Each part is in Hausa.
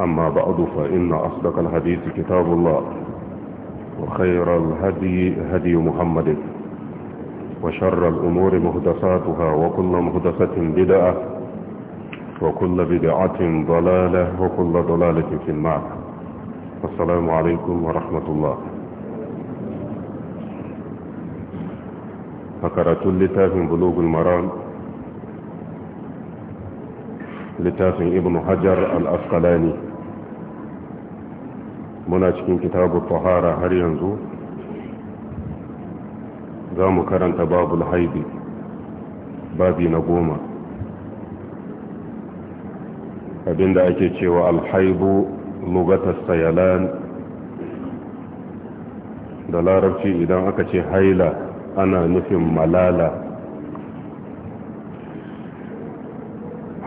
أما بعد فإن أصدق الحديث كتاب الله وخير الهدي هدي محمد وشر الأمور مهدساتها وكل مهدسة بدعة وكل بدعة ضلالة وكل ضلالة في الماء السلام عليكم ورحمة الله فكرة لتاف بلوغ المرام لتاف ابن حجر الأسقلاني muna cikin kitabu fahara har yanzu za mu karanta babul haidi babi na goma abinda ake cewa alhaibu lugatar sayalan da larabci idan aka ce haila ana nufin malala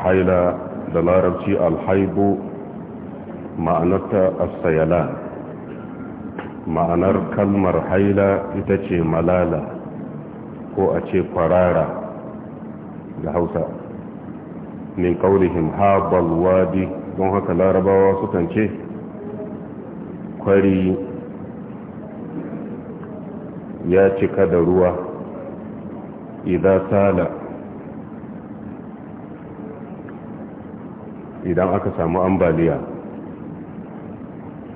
haila da larabci alhaibu ma'anarta ta asayala ma'anar kalmar haila ita ce malala ko a ce kwarara da hausa min kaurihim habal wadi don haka larabawa sukan ce kwari ya cika da ruwa idan sala idan aka samu ambaliya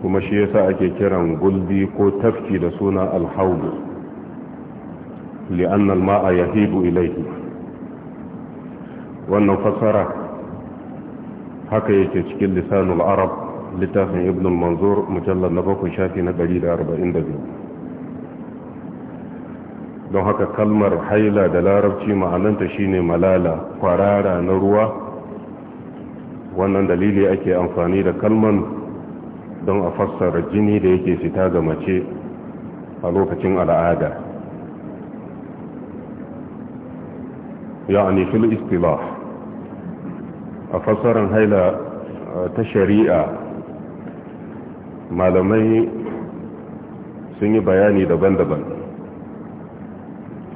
kuma shi yasa ake kiran gulbi ko tafki da suna alhaudu li'anna al-ma'a yahibu ilayhi wannan fasara haka yake cikin lisanul arab littafin ibn manzur mujallar na bakwai shafi na 142 don haka kalmar haila da larabci ma'ananta shine malala kwarara na ruwa wannan dalili ake amfani da kalman don a fassara jini da yake fita ga mace a lokacin al'ada ya'ani fil istilah a fassarar haila ta shari'a malamai sun yi bayani daban-daban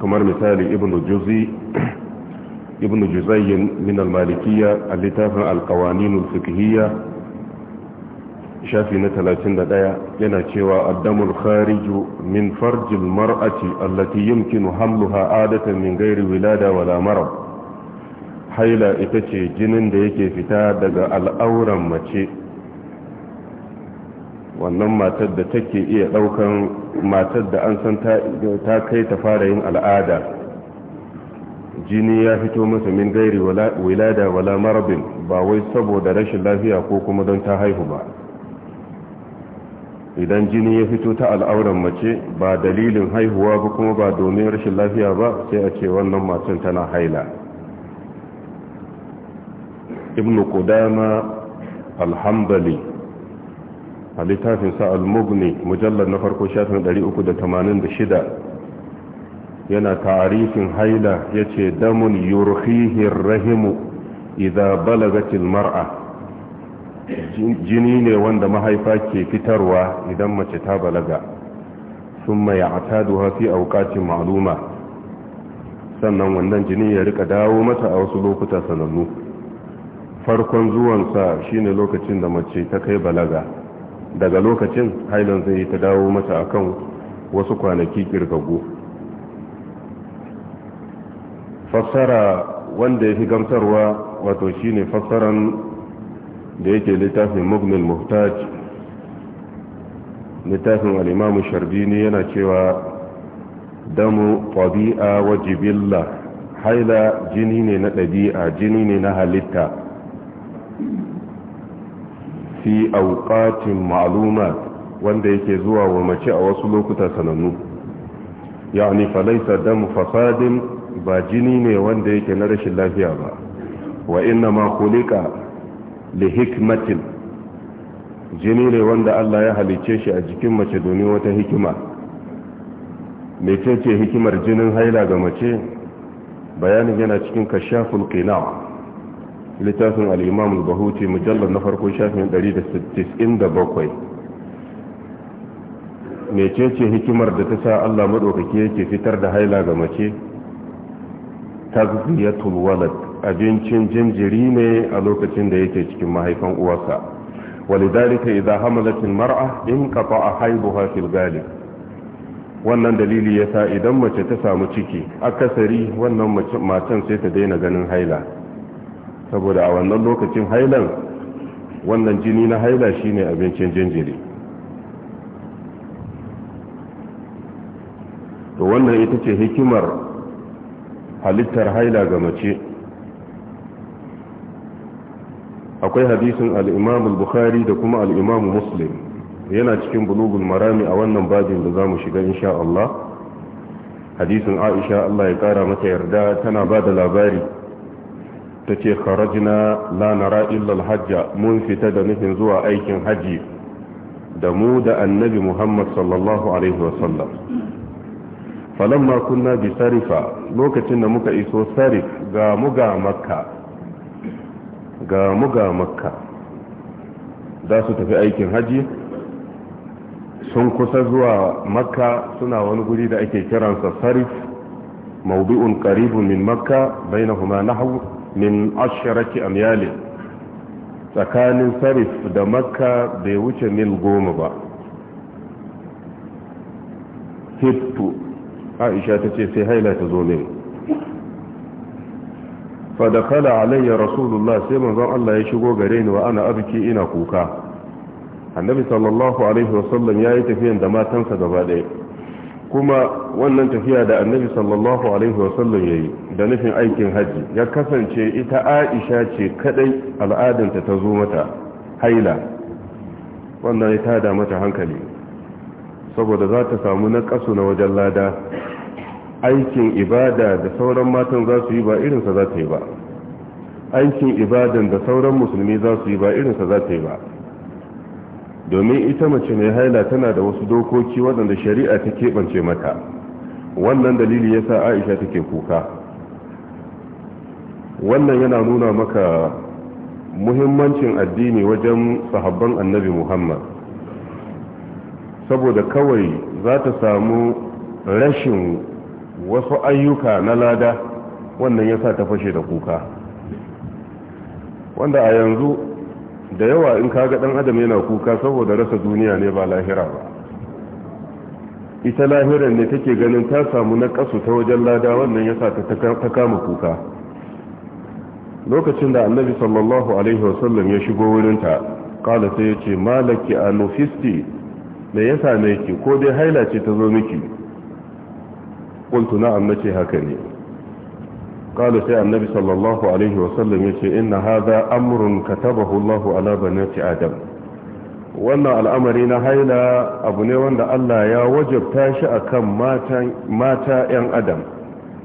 kamar misali ibn juzi ibn juzayyin min al-malikiyya a littafin al-qawanin al shafi na 31 yana cewa addamul khariju min farjil mar'ati allati yumkinu hamluha adatan min ghairi wilada wala marad haila ita ce jinin da yake fita daga al'auran mace wannan matar da take iya daukan matar da an san ta kai ta fara yin al'ada jini ya fito masa min gairi wilada wala marabin ba wai saboda rashin lafiya ko kuma don ta haihu ba idan jini ya fito ta al'auran mace ba dalilin haihuwa ba kuma ba domin rashin lafiya ba sai a ce wannan matan tana haila ibn qudama alhambali a littafinsa al-mughni mujallar na farko da shida yana ta'arifin haila yace damun yurhihi rahimu idza balagatil mar'a jini ne wanda mahaifa ke fitarwa idan mace ta balaga sun mai duha fi auƙacin ma'aluma sannan wannan jini ya rika dawo mata a wasu lokuta sanannu farkon zuwansa shine lokacin da mace ta kai balaga daga lokacin hailan zai yi ta dawo mata akan wasu kwanaki kirgagu fassara wanda ya fi gamsarwa wato shine fassaran da yake littafin mughnil muhtaj littafin al'imamu sharbini yana cewa damu ƙwabi'a wa jibilla haila jini ne na ɗabi'a jini ne na halitta fi auqatin ma'aluma wanda yake zuwa wa mace a wasu lokuta sanannu yani falaisa damu fasadin ba jini ne wanda yake na rashin lafiya ba wa inna ma kulika da hikmatin jini ne wanda Allah ya halice shi a jikin mace domin wata hikima ce hikimar jinin haila ga mace bayanin yana cikin kashafin kinawa littafin al bahuti mujallar na farko shafin 197 mecece hikimar da ta sa Allah maɗaukaki yake fitar da haila ga mace Ta ya tulwalar abincin jinjiri ne a lokacin da yake cikin mahaifan uwarsa walidalika idza hamalat mara in kafa a fil galib wannan dalili sa idan mace ta samu ciki akasari wannan matan sai ta daina ganin haila saboda a wannan lokacin hailan wannan jini na haila shine abincin jinjiri to wannan ita ce hikimar halittar haila ga mace akwai hadisin Al'imamul bukhari da kuma al-imam muslim yana cikin bulugun marami a wannan babin da zamu shiga insha Allah hadisin Aisha Allah ya kara mata yarda tana ba da labari tace kharajna la nara illa hajja mun fita da nufin zuwa aikin haji da mu da annabi Muhammad sallallahu alaihi wasallam falamma kunna bi sarifa lokacin da muka iso sarif ga muga makka ga mu ga makka za su tafi aikin hajji sun kusa zuwa makka suna wani guri da ake kiransa sarif maudu'un karibu min makka na hau min asharati amyali tsakanin sarif da makka bai wuce mil goma ba hittu aisha ta ce sai haila ta zo min. fadakala da kala alayya rasulullah sai manzon Allah ya shigo gare ni wa ana abki ina kuka annabi sallallahu alaihi wasallam ya yi tafiyan da matansa gaba ɗaya kuma wannan tafiya da annabi sallallahu alaihi wasallam ya yi da nufin aikin hajji ya kasance ita aisha ce kadai al'adanta ta zo mata haila wannan ya tada mata hankali saboda za ta samu na na wajen lada aikin ibada da sauran matan za su yi ba irinsa za ta yi ba aikin ibadan da sauran musulmi za su yi ba irinsa za ta yi ba domin ita mace mai haila tana da wasu dokoki waɗanda shari'a ta keɓance mata wannan dalili ya sa aisha take kuka wannan yana nuna maka muhimmancin addini wajen sahabban annabi muhammad saboda kawai za ta samu rashin wasu ayyuka na lada wannan ya sa ta fashe da kuka wanda a yanzu da yawa in kaga dan adam yana kuka saboda rasa duniya ne ba lahira ba ita lahirar ne take ganin ta samu na kasu ta wajen lada wannan ya sa ta kama kuka lokacin da annabi sallallahu alaihi wasallam ya shigo wurinta kala sai ya ce malaki a nufisti da ya same ki ko dai haila ce ta zo miki قلت نعم نتي sai annabi سي النبي صلى الله عليه وسلم يتي إن هذا أمر كتبه الله على بنات آدم wannan al'amari na haila abu ne wanda Allah ya wajabta shi akan mata ‘yan adam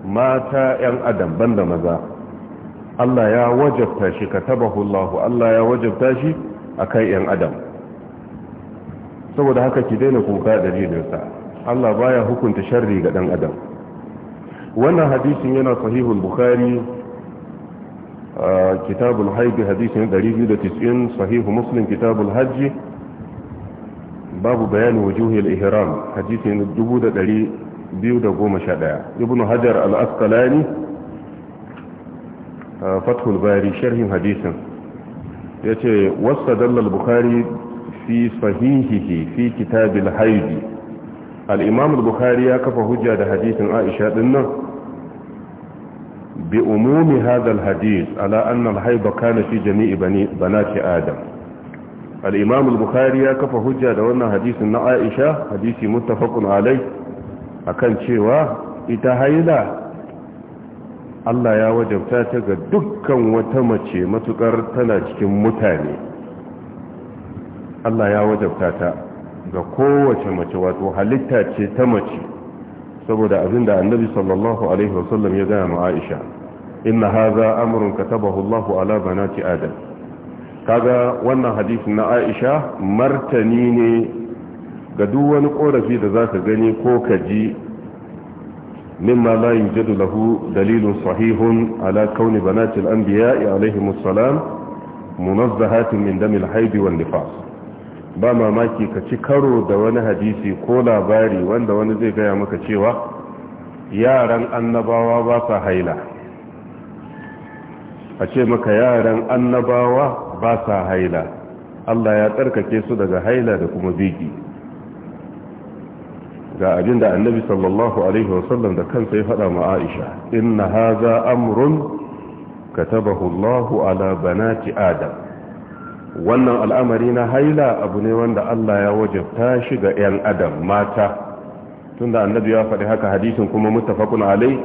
mata ‘yan adam banda maza Allah ya wajabta shi ka tabahullahu Allah ya wajabta shi akan ‘yan adam saboda haka ki daina kuka dalilinsa Allah baya hukunta sharri ga ɗan adam wannan hadisin yana sahihul bukhari kitabul haidi hadisin 290 sahihu muslim kitabul haji babu bayani wujuhil ihram hadisin 2211 ibnu hajar al-asqalani fathul bari sharhin hadisin yace wasadalla al-bukhari fi sahihihi fi kitabil haidi al-imam al-bukhari ya kafa hujja da hadisin aisha dinnan bi umumi hadal hadis ala annal haiba kana fi jami'i banati adam al-imam al-bukhari ya kafa hujja da wannan hadisin na aisha hadisi muttafaqun alai akan cewa ita haila Allah ya wajabta ta ga dukkan wata mace matukar tana cikin mutane Allah ya wajabta ga kowace mace wato halitta ce ta mace saboda abin da annabi sallallahu alaihi wasallam ya gaya ma aisha inna haza ka katabahu allahu ala banati adam kaga wannan hadisin na aisha martani ne ga duk wani korafi da za ka gani ko ka ji mimma la yujadu lahu dalilun sahihun ala kauni banati al-anbiya'i alaihimus salam munazzahatin min damil haidi wan nifas ba mamaki ka ci karo da wani hadisi ko labari wanda wani zai gaya maka cewa yaran annabawa ba sa haila a ce maka yaran annabawa ba sa haila Allah ya tsarkake su daga haila da kuma biki. ga abin da annabi sallallahu alaihi wasallam da kansa ya faɗa ma aisha inna haza amrun katabahu Allahu ala banati adam wannan al'amari na haila abu ne wanda Allah ya wajabta shi ga 'yan adam mata tunda annabi ya faɗi haka hadisin kuma muttafaqun alai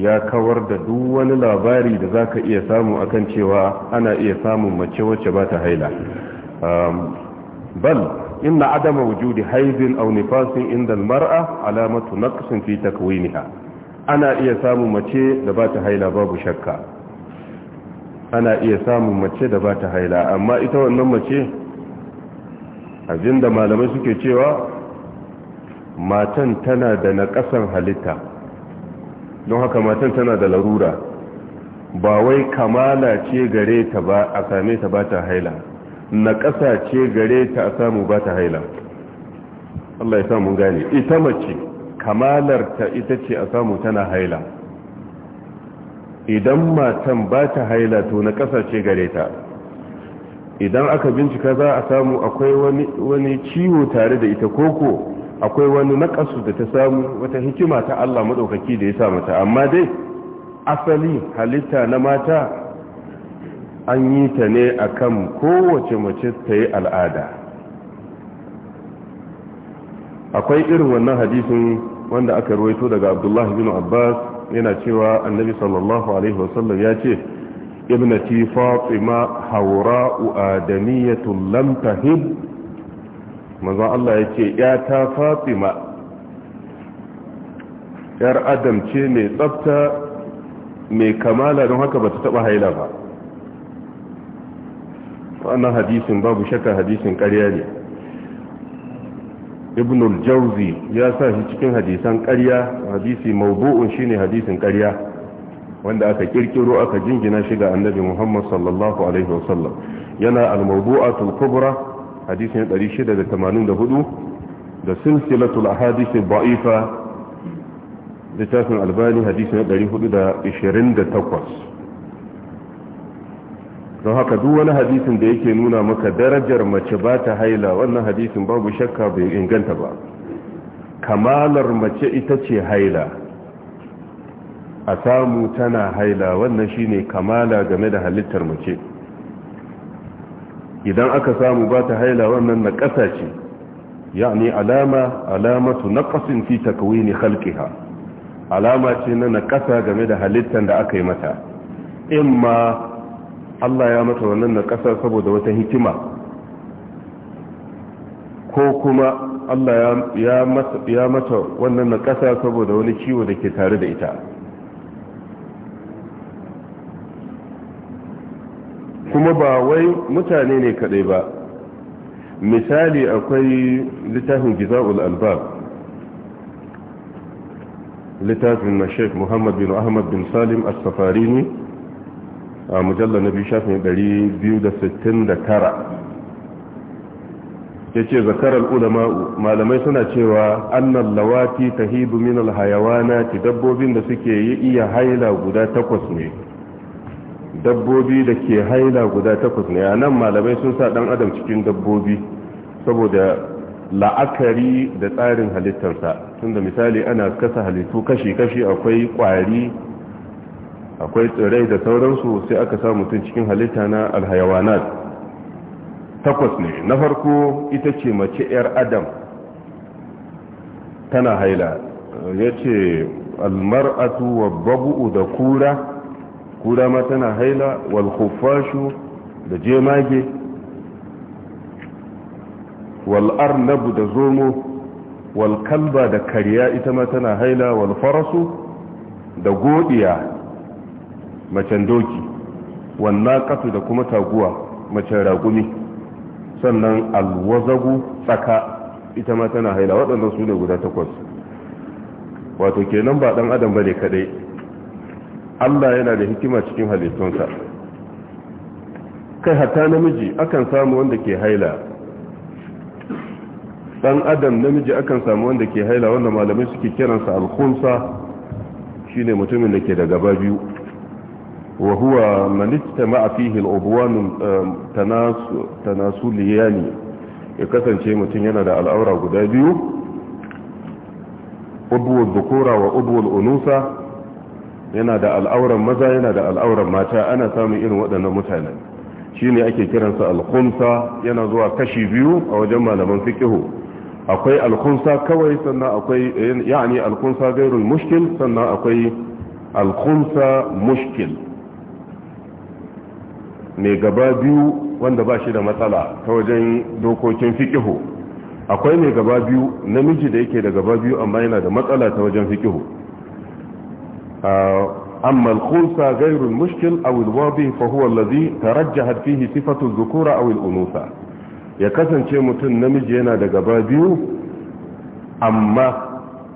ya kawar da duk wani labari da zaka iya samu akan cewa ana iya samun mace wacce ba ta haila bal inna adama wujudi haizin aw nifasin inda mar'a alamatu naqsin fi takwiniha ana iya samun mace da ba ta haila babu shakka ana iya samun mace da ba ta haila amma ita wannan mace abinda malamai suke cewa matan tana da naƙasan halitta don haka matan tana da larura ba wai kamala ce gare ta ba a same ta ba ta haila naƙasa ce gare ta a samu ba ta haila Allah ya samu gane ita mace kamalarta ita ce a samu tana haila idan matan ba ta haila to na kasashe gare ta idan aka bincika za a samu akwai wani ciwo tare da ita koko akwai wani nakasu da ta samu wata hikima ta Allah maɗaukaki da ya sa mata amma dai asali halitta na mata an yi ta ne akan kowace mace ta yi al'ada akwai irin wannan hadisin wanda aka ruwaito daga abdullahi bin abbas yana cewa annabi sallallahu alaihi wasallam ya ce ibnati fatima haura'u adamiyatun lam tahib manzon Allah ya ce ya ta fatima yar adam ce mai tsafta mai kamala don haka bata taɓa taba haila ba wannan hadisin babu shakka hadisin ƙarya ne ibn jauzi ya sa shi cikin hadisan ƙarya hadisi mawdu'un shine hadisin ƙarya wanda aka kirkiro aka jingina shi ga annabi Muhammad sallallahu alaihi wasallam yana al-mawdu'atul kubra hadisin 684 da silsilatul ahadith ad-da'ifa littafin albani hadisin 428 don haka duk wani hadisin da yake nuna maka darajar mace ba ta haila wannan hadisin babu shakka bai inganta ba kamalar mace ita ce haila a samu tana haila wannan shine kamala game da halittar mace idan aka samu ba ta haila wannan na ƙasa ce yani alama alamatu naqsin fi takwini khalqiha alama ce na ƙasa game da halittar da aka yi mata imma Allah ya mata wannan na ƙasa saboda wata hikima ko kuma Allah ya mata wannan na ƙasa saboda wani ciwo da ke tare da ita kuma ba wai mutane ne kaɗai ba misali akwai littafin giza'ul albab littafin na sheik muhammad bin ahmad bin salim as-safarini a mujallar na biyu shafin biyu da da sittin tara ya ce zakarar ulama'u malamai suna cewa annan lawati ta hibu min alhayawana ti dabbobin da suke yi iya haila guda takwas ne dabbobi da ke haila guda takwas ne a nan malamai sun sa ɗan adam cikin dabbobi saboda la'akari da tsarin halittarsa tunda misali ana kasa halittu kashi-kashi akwai kwari akwai tsirrai da sauransu sai aka sa mutum cikin halitta na alhayawanat takwas ne na farko ita ce mace 'yar adam tana haila ya ce almar'atu wa babu'u da kura kura ma tana haila wal khufashu da jemage wal arnabu da zomo wal kalba da kariya ita ma tana haila wal farasu da godiya macen doki wannan kasu da kuma taguwa macen ragumi sannan alwazagu tsaka ita ma tana haila waɗannan su ne guda takwas wato kenan ba ɗan adam ba ne kaɗai allah yana da hikima cikin halittunsa kai hata namiji akan samu wanda ke haila ɗan adam namiji akan samu wanda ke haila wanda malamai suke kiransa shi shine mutumin da ke da gaba biyu وهو من اجتمع فيه الأبوان تناسليان يكسن شيء متنين على الأورا قدابيو أبو الذكورة وأبو الأنوثة yana da al'auran maza yana da al'auran mata ana samun irin waɗannan mutanen shi ne ake kiransa alkunsa yana zuwa kashi biyu a wajen malaman fikihu akwai alkunsa kawai sannan sannan akwai alkunsa mushkil mai gaba biyu wanda ba shi da matsala ta wajen dokokin fikihu akwai mai gaba biyu namiji da yake da gaba biyu amma yana da matsala ta wajen fikihu amma al gairun ghayru al-mushkil aw al-wadih fa huwa alladhi tarajjahat fihi sifatu a dhukura ya kasance mutum namiji yana da gaba biyu amma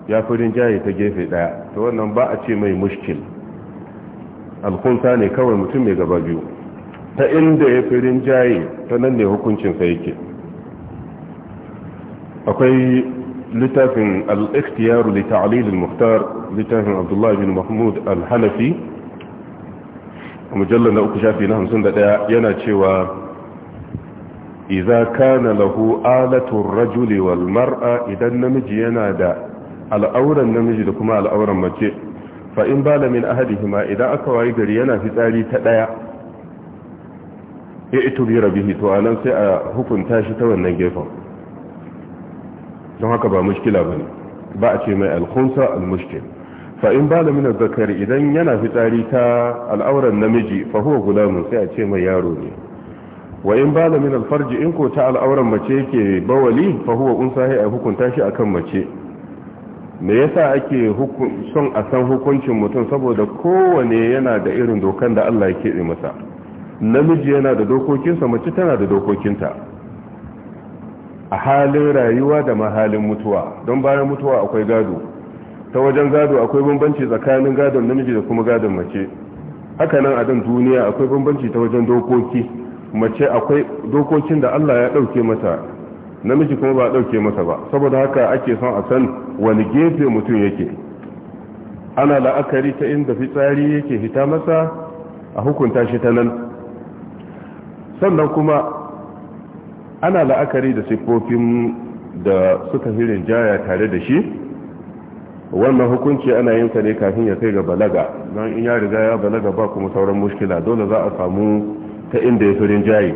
ya fi rinjaye ta gefe daya to wannan ba a ce mai mushkil al ne kawai mutum mai gaba biyu ta inda ya fi rinjaye ta nan ne hukuncinsa yake akwai littafin al'iktiyaru da ta'alilin muhtar littafin abdullahi bin mahmud al-hanafi a mujallar na uku shafi na 51 yana cewa iza kana lahu alatun rajuli wal mar'a idan namiji yana da al'auran namiji da kuma al'auran mace fa in bala min ahadihima idan aka wayi gari yana fitsari ta ɗaya ya ito bira bihi to anan sai a hukunta shi ta wannan gefen don haka ba mushkila ba ne ba a ce mai alkhunsa almushkil fa in bala min zakari idan yana fitari ta al'auran namiji fa huwa gulamun sai a ce mai yaro ne wa in bala min farji in ko ta al'auran mace ke bawali fa huwa unsa a hukunta shi akan mace me yasa ake son a san hukuncin mutum saboda kowane yana da irin dokan da Allah ya keɓe masa namiji yana da dokokinsa mace tana da dokokinta a halin rayuwa da mahalin mutuwa don bayan mutuwa akwai gado ta wajen gado akwai bambanci tsakanin gadon namiji da kuma gadon mace Haka nan a dan duniya akwai bambanci ta wajen dokoki mace akwai dokokin da Allah ya dauke mata namiji kuma ba dauke masa ba saboda haka ake son a san wani gefe mutum yake ana la'akari ta inda fitsari yake hita masa a hukunta shi ta nan sannan kuma ana la'akari da siffofin da suka fi rinjaya tare da shi wannan hukunci ana yin sa ne kafin ya kai ga balaga don in ya riga ya balaga ba kuma sauran mushkila dole za a samu ta inda ya fi rinjaye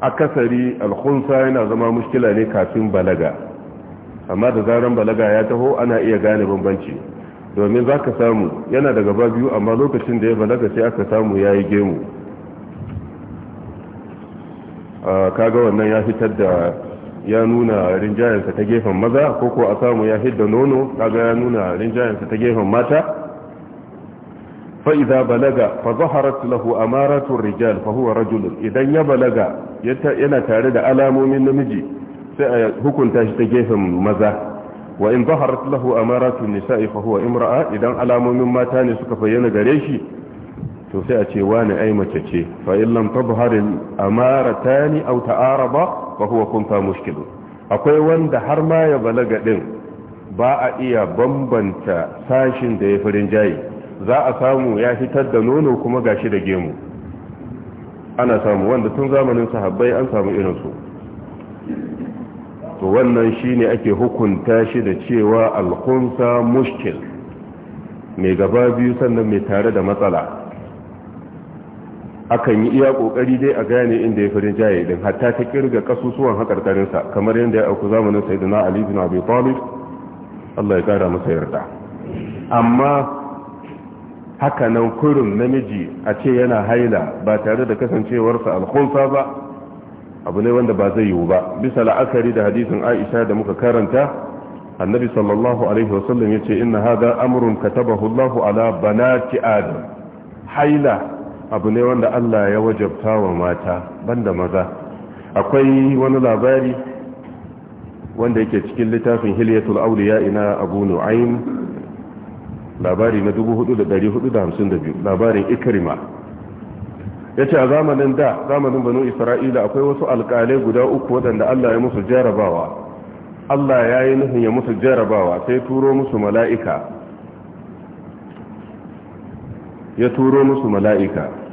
akasari alkhunsa yana zama mushkila ne kafin balaga amma da zaren balaga ya taho ana iya gane bambanci domin za ka samu yana daga ba biyu amma lokacin da ya balaga sai aka samu ya yi gemu kaga wannan ya fitar da ya nuna rinjayensa ta gefen maza ko ko a samu ya hidda nono kaga ya nuna rinjayensa ta gefen mata fa'iza balaga fa zaharat lahu amaratun rijal fa huwa rajulun idan ya balaga yana tare da alamomin namiji sai a hukunta shi ta gefen maza wa in zaharat lahu amaratun nisa'i fa huwa imra'a idan alamomin mata ne suka fayyana gare shi to sai a ce wani ai mace ce fa in lam amaratani aw ta'araba fa huwa kunta mushkil akwai wanda har ma ya balaga din ba a iya bambanta sashin da ya farin jayi za a samu ya fitar da nono kuma gashi da gemu ana samu wanda tun zamanin sahabbai an samu irin su to wannan shine ake hukunta shi da cewa alkhunsa mushkil mai gaba biyu sannan mai tare da matsala akan yi iya kokari dai a gane inda ya farin jaye din hatta ta kirga kasusuwan hakarkarin sa kamar yadda ya auku zamanin sayyidina ali bin abi talib Allah ya kara masa yarda amma haka nan kurin namiji a ce yana haila ba tare da kasancewarsa alkhulfa ba abu ne wanda ba zai yiwu ba bisa la'akari da hadisin Aisha da muka karanta annabi sallallahu alaihi wasallam in inna hadha amrun katabahu Allahu ala banati adam haila abu ne wanda Allah ya wajabta wa mata banda maza akwai wani labari wanda yake cikin littafin hilyatul auliya ina abu nu'aym labari na 4452 labarin ikrima yace a zamanin da zamanin banu isra'ila akwai wasu alƙalai guda uku waɗanda Allah ya musu jarabawa Allah ya yi nufin ya musu jarabawa sai turo musu mala'ika ya turo musu mala'ika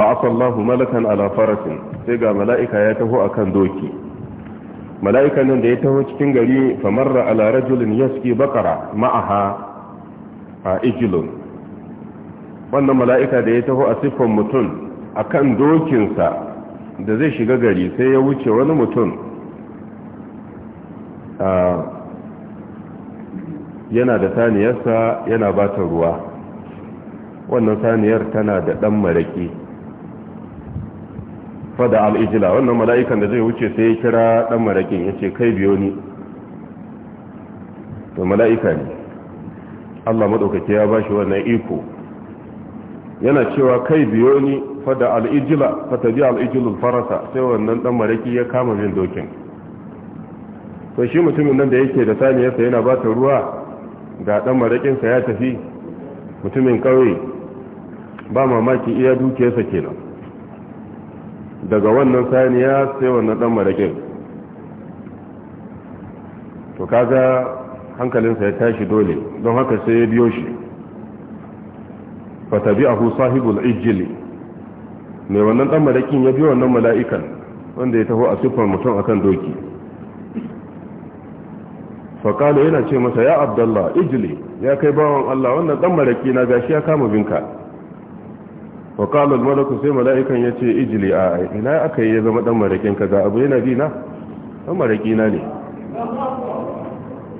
ba Allahu malakan ala farasin sai ga mala'ika ya taho akan doki mala'ikan nan da ya taho cikin gari marra ala rajulin yaski bakara ma'aha a ijilun wannan mala'ika da ya taho a siffan mutum akan dokinsa da zai shiga gari sai ya wuce wani mutum yana da saniyarsa yana bata ruwa wannan saniyar tana da ɗan maraƙi fada al'ijila wannan mala'ikan da zai wuce sai ya kira ɗan maraƙin ya ce kai biyo ni to mala'ika ne allah maɗaukaki ya ba shi wannan iko yana cewa kai biyo ni fada al'ijila fata biya al'ijilun farasa sai wannan ɗan maraƙi ya kama min dokin to shi mutumin nan da yake da saniyarsa yana ba ta ruwa ga ɗan maraƙinsa ya tafi mutumin ƙauye ba mamaki iya dukiyarsa kenan daga wannan saniya sai wannan dan marakin to kaga hankalinsa ya tashi dole don haka sai ya biyo shi fatabi'ahu sahibul ijli mai wannan dan marakin ya biyo wannan mala'ikan wanda ya taho a siffar mutum akan doki Fakalo yana ce masa ya abdallah ijli ya kai bawan Allah wannan ɗan maraki na gashi ya kama binka wa qala malaku sai mala'ikan yace ijli a ina aka yi ya zama dan marakin kaza abu yana bi na dan maraki na ne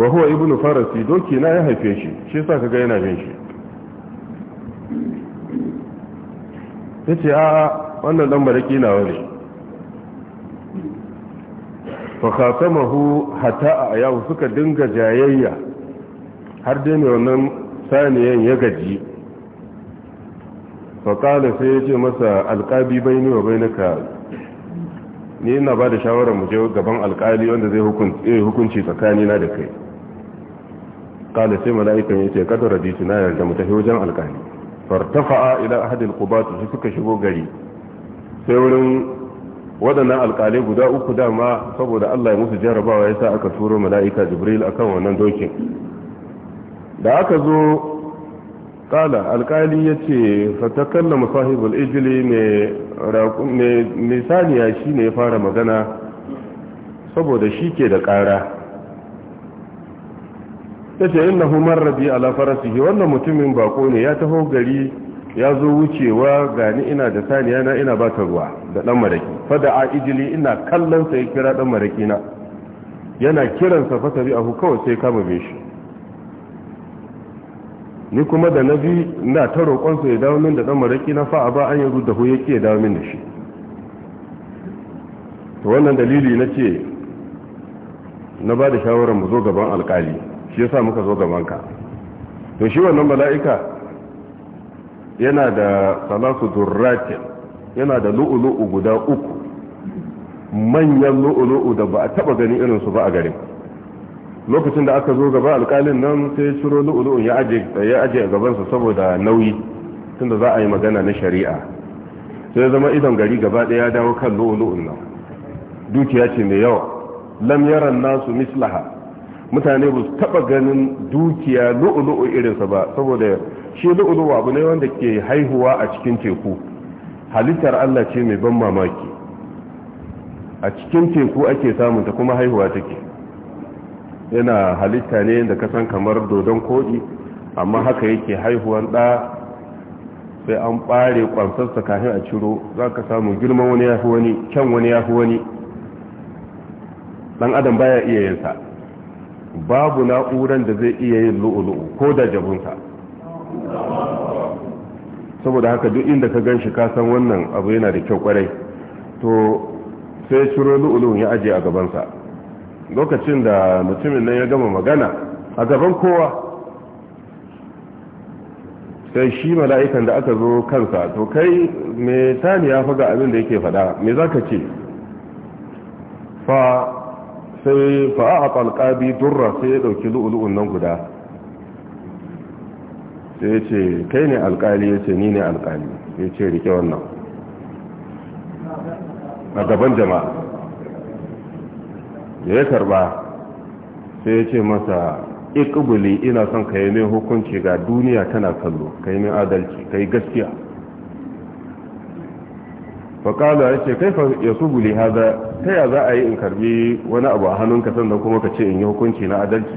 wa huwa ibnu farasi doki na ya haife shi shi yasa kaga yana bin shi yace a wannan dan maraki na ne fa khatamahu hatta ayahu suka dinga jayayya har dai ne wannan saniyan ya gaji faƙala sai ya ce masa alƙabi bai ni wa bai naka ni ina ba da shawarar mu je gaban alƙali wanda zai hukunci tsakanina da kai ƙala sai mala'ikan ya ce kadar radisu na yarda mu tafi wajen alƙali fartafa'a ila ahadil su suka shigo gari sai wurin waɗannan alƙalai guda uku dama saboda Allah ya musu jarabawa ya sa aka turo mala'ika jibril akan wannan dokin da aka zo kala alkali ya ce fatakalla musahibul ijili mai saniya shi ne ya fara magana saboda shi ke da kara ta ce ina humar rabi ala farasihi wannan mutumin bako ne ya taho gari ya zo wucewa gani ina da saniya na ina ba ta ruwa da dan maraki fada a ijili ina kallon sai kira dan maraki na yana kiransa fata bi kawai sai kama bin shi ni kuma da na bi na ta roƙonsa ya dawo min da ɗan maraƙi na fa'a ba an yanzu da ya yake dawo min da shi to wannan dalili na ce na ba da shawarar mu zo gaban alƙali shi yasa muka zo gaban ka to shi wannan mala'ika yana da salasu durratin yana da lu'ulu'u guda uku manyan lu'ulu'u da ba a taɓa gani irinsu ba a garin lokacin da aka zo gaba alkalin nan sai ya ciro lu'ulu'un ya aje a gabansa saboda nauyi tunda za a yi magana na shari'a sai zama idon gari gaba ɗaya ya dawo kan lu'ulu'un nan dukiya ce mai yawa lam yaran nasu mislaha mutane ba su taɓa ganin dukiya lu'ulu'u irinsa ba saboda shi lu'ulu'u abu ne wanda ke haihuwa a cikin teku halittar Allah ce mai ban mamaki a cikin teku ake samunta kuma haihuwa take yana halitta ne da kasan kamar dodon koɗi amma haka yake haihuwan ɗa sai an ɓare ƙwansarsa kafin a ciro za ka samu girman wani ya fi wani kyan wani ya fi wani ɗan adam baya iya sa babu na'uran da zai iya yin lu'ulu'u ko da jabunsa saboda haka duk inda ka gan shi kasan wannan abu yana da kyau kwarai to sai ciro lu'ulu'un ya ajiye a gabansa lokacin da mutumin nan ya gama magana a gaban kowa sai shi mala'ikan da aka zo kansa to kai mai tani ya faga abin da yake fada me za ka ce fa sai fa'a a falƙabi durra sai ya ɗauki lu'ulu'un nan guda sai ya ce kai ne alƙali ya ni ne alƙali ya ce rike wannan a gaban jama'a da ya karba sai ya ce masa ikubuli ina son ka yi min hukunci ga duniya tana kallo ka yi min adalci ka yi gaskiya faƙala ya ce kai ya subuli haza ta ya za a yi in karbi wani abu a hannunka sannan kuma ka ce in yi hukunci na adalci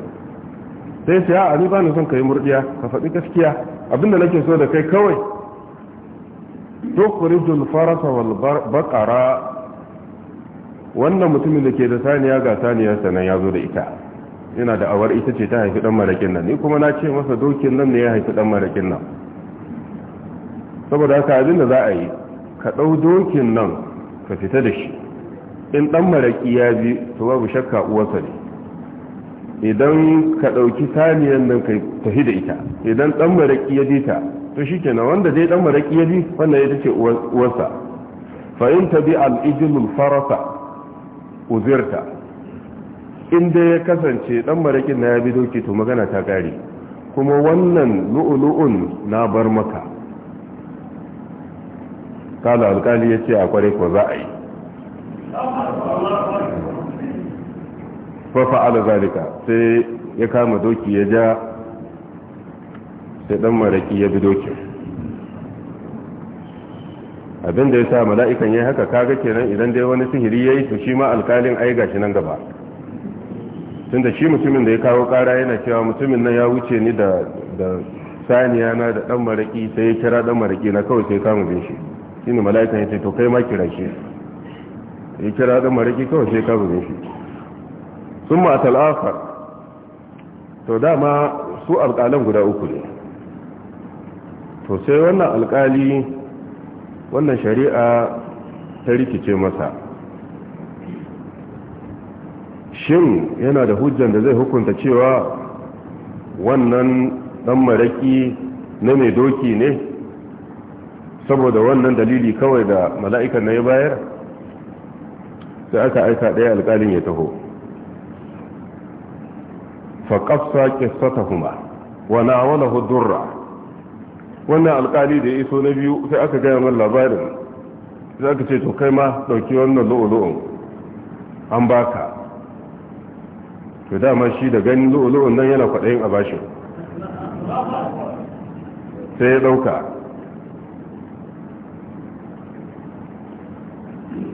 sai sai a ni ba ni son ka yi murdiya ka faɗi gaskiya abinda nake so da kai kawai tukridul farasa wal baqara wannan mutumin da ke da saniya ga saniyarsa nan ya zo da ita yana da awar ita ce ta haifi dan marakin nan ni kuma na ce masa dokin nan ne ya haifi dan marakin nan saboda haka abin da za a yi ka ɗau dokin nan ka fita da shi in dan maraki ya bi to babu shakka uwarsa ne idan ka ɗauki saniyar nan ka tafi da ita idan dan maraki ya dita ta to shi kenan wanda zai dan maraki ya bi wannan ita ce uwarsa fa in tabi al-ijlul farasa uzirta inda ya kasance dan marakin na ya bi doki to magana ta kare kuma wannan lu'ulu'un na bar maka kala alkali ya ce a kware ko za a yi fafa ala zalika sai ya kama doki ya ja sai dan maraki ya bi dokin abin da ya sa mala'ikan ya haka kaga kenan idan dai wani sihiri ya yi to shi ma alkalin ai gashi nan gaba tunda shi mutumin da ya kawo kara yana cewa mutumin nan ya wuce ni da saniya na da dan maraki sai ya kira dan maraki na kawai sai kama bin shi shine mala'ikan ya ce to kai ma kira shi ya kira dan maraki kawai sai kama bin shi summa atal akhar to dama su alƙalan guda uku ne to sai wannan alƙali wannan shari'a ta rikice masa shin yana da hujjan da zai hukunta cewa wannan dan maraki na mai doki ne saboda wannan dalili kawai da mala'ikan na ya bayar sai aka aika ɗaya alƙalin ya taho faƙafsa ƙisata kuma wana wala hudurra wannan alkali da ya iso na biyu sai aka gaya mana labarin sai aka ce to kai ma dauki wannan lu'ulu'un an baka to dama shi da ganin lu'ulu'un nan yana kwaɗayin a bashin sai ya ɗauka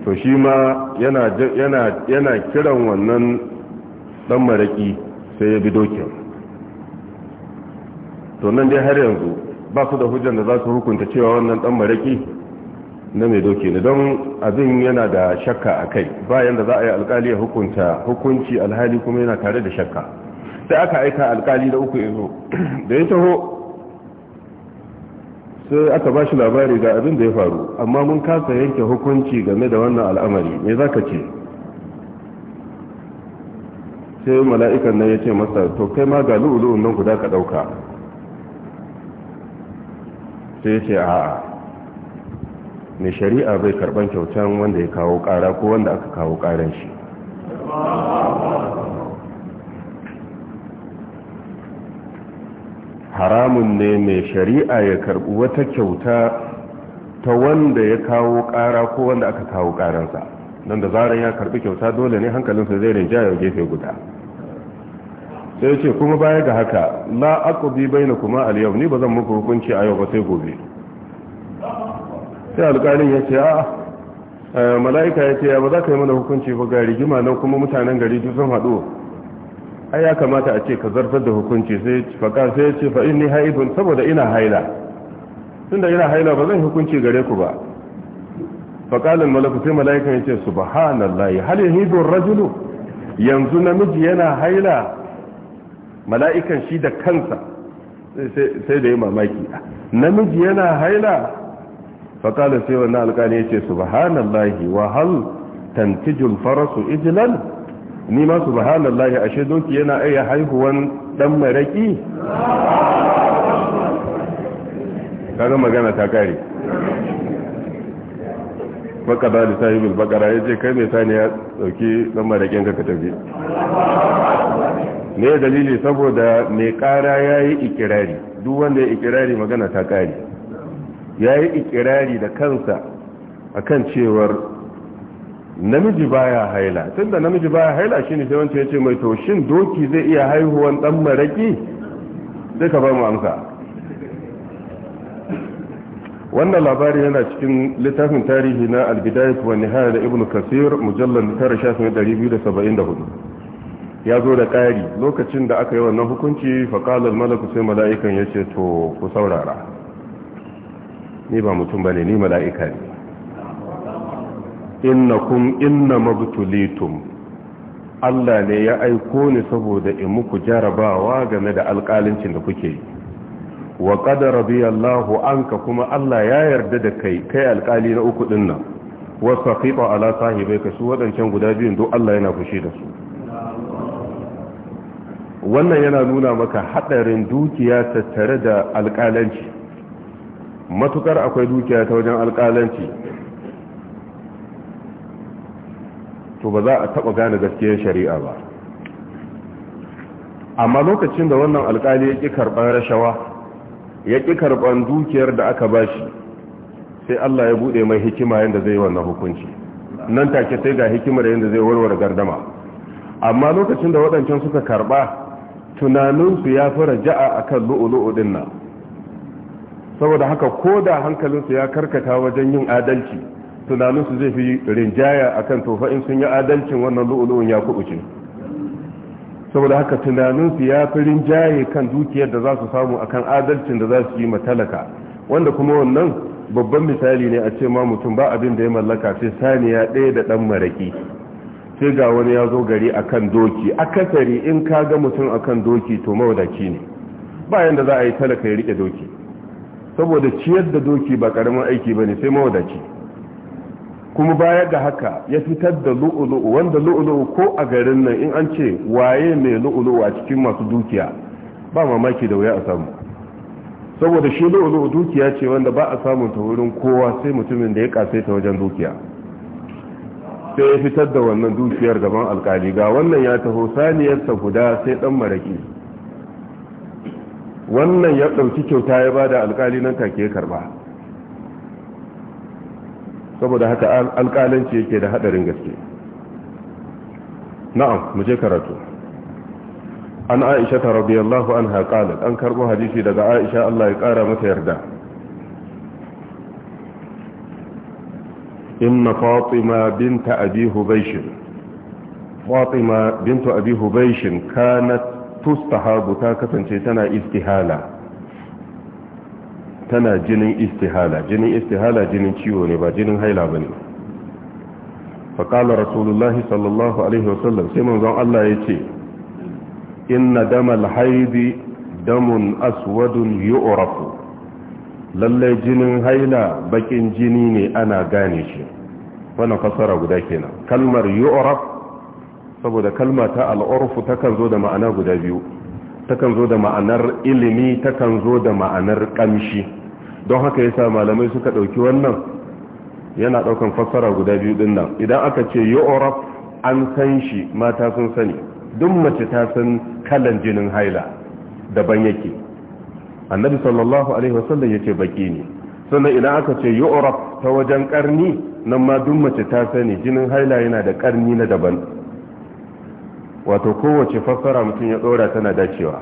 to shi ma yana kiran wannan ɗan maraƙi sai ya bi dokin to nan dai har yanzu ba su da hujjan da za su hukunta cewa wannan dan maraki na mai doke ne don abin yana da shakka a kai bayan da za a yi alkali ya hukunta hukunci alhali kuma yana tare da shakka sai aka aika alkali da uku yanzu da ya taho sai aka ba shi labari ga abin da ya faru amma mun kasa yanke hukunci game da wannan al'amari me za ka ce sai mala'ikan nan ya ce masa to kai ma ga lu'ulu'un nan guda ka ɗauka sai ya ce a mai shari'a bai karban kyautan wanda ya kawo kara ko wanda aka kawo karan shi haramun ne mai shari'a ya karbi wata kyauta ta wanda ya kawo ƙara ko wanda aka kawo karansa don da zarar ya karɓi kyauta dole ne hankalinsa zai rinjaya gefe guda sai ce kuma baya ga haka la aqdi bainakum al yawm ni ba zan muku hukunci a yau ba sai gobe sai alƙalin eh, ya ce a mala'ika ya ce ba za ka yi mana hukunci ba ga rigima nan kuma mutanen gari duk sun haɗu ai ya kamata a ce ka zartar da hukunci sai faka sai ya ce fa inni haibun saboda ina haila tunda ina haila ba zan hukunci gare ku ba faqala malaku sai mala'ika ya ce subhanallahi hal yahidu rajulu yanzu namiji yana haila mala'ikan shi da kansa sai da yi mamaki namiji yana haila faƙala sai wannan alƙani ya ce subhanallahi wa hal tantijul farasu ijilan ni ma subhanallahi ashe doki yana iya haihuwan dan maraki kaga magana ta kare baka da sahibul bakara yace kai mai sani ya dauki dan marakin ka ka tafi me dalili saboda mai kara yayi ikirari duk wanda ya ikirari magana ta kare yayi ikirari da kansa akan cewar namiji baya haila tunda namiji baya haila shine sai wanda yace mai to shin doki zai iya haihuwan dan maraki duka ba mu amsa wannan labari yana cikin littafin tarihi na al-bidayah wa nihaya da ibnu kasir mujallal 1974 ya zo da ƙari lokacin da aka yi wannan hukunci faƙalar malaku sai mala'ikan ya ce to ku saurara ni ba mutum ba ne ni mala'ika ne kun inna mabtulitum Allah ne ya aiko ni saboda in muku jarabawa game da alƙalincin da kuke yi wa Allahu an ka kuma Allah ya yarda da kai kai alƙali na uku ɗin nan. Wasu saqifa ala sahibai ka su waɗancan guda biyun don Allah yana fushi da su wannan yana nuna maka hadarin dukiya ta tare da alƙalanci matukar akwai dukiya ta wajen alƙalanci to ba za a taɓa gane gaskiyar shari'a ba amma lokacin da wannan alƙali ya ƙi karɓar rashawa ya ƙi karɓar dukiyar da aka ba shi sai Allah ya buɗe mai hikima yadda zai wannan hukunci nan take sai ga hikimar yadda zai warware gardama amma lokacin da waɗancan suka karɓa tunaninsu ya fi raja'a a kan lu'ulu'u din nan saboda haka ko da hankalinsu ya karkata wajen yin adalci tunaninsu zai fi rinjaya a kan tofa in sun yi adalcin wannan lu'ulu'un ya kuɓuce saboda haka tunaninsu ya fi rinjaye kan dukiyar da za su samu a kan adalcin da za su yi matalaka wanda kuma wannan babban misali ne a ce ma mutum ba abin da ya mallaka sai saniya ɗaya da ɗan maraƙi sai ga wani ya zo gari akan doki akasari in ka ga mutum a kan doki to mawadaci ne bayan da za a yi talaka ya rike doki saboda ciyar da doki ba karamin aiki ba ne sai mawadaci kuma baya ga haka ya fitar da lu'ulu'u wanda lu'ulu'u ko a garin nan in an ce waye mai lu'ulu'u a cikin masu dukiya ba mamaki da wuya a samu saboda shi lu'ulu'u dukiya ce wanda ba a samun ta wurin kowa sai mutumin da ya kasaita wajen dukiya sai ya fitar da wannan dukiyar gaban alkali ga wannan ya taho saniyarsa guda sai dan maraki wannan ya ɗauki kyauta ya ba da alkali nan take karba saboda haka alkalanci yake da haɗarin gaske na'am mu je karatu an aisha ta radiyallahu an qalat an karbo hadisi daga aisha Allah ya kara mata yarda inna fatima binta abi hubaishin fatima binta abi hubaishin ta kasance tana jinin istihala jinin istihala jinin ciwo ne ba jinin haila ba ne faƙalar rasulullahi sallallahu alaihi wasallam sai manzon Allah ya ce inna damal haidi damun aswadun yu'rafu lallai jinin haila bakin jini ne ana gane shi wannan fasara guda kenan kalmar yu'raf saboda kalma ta al'urfu takan zo da ma'ana guda biyu takan zo da ma'anar ilimi takan zo da ma'anar kamshi don haka yasa malamai suka dauki wannan yana daukan fassara guda biyu din nan idan aka ce yu'raf an san shi mata sun sani duk mace ta san kalan jinin haila daban yake annabi sallallahu alaihi wasallam yace baki ne sannan idan aka ce yu'rab ta wajen karni nan ma duk mace ta sani jinin haila yana da karni na daban wato kowace fassara mutum ya dora tana dacewa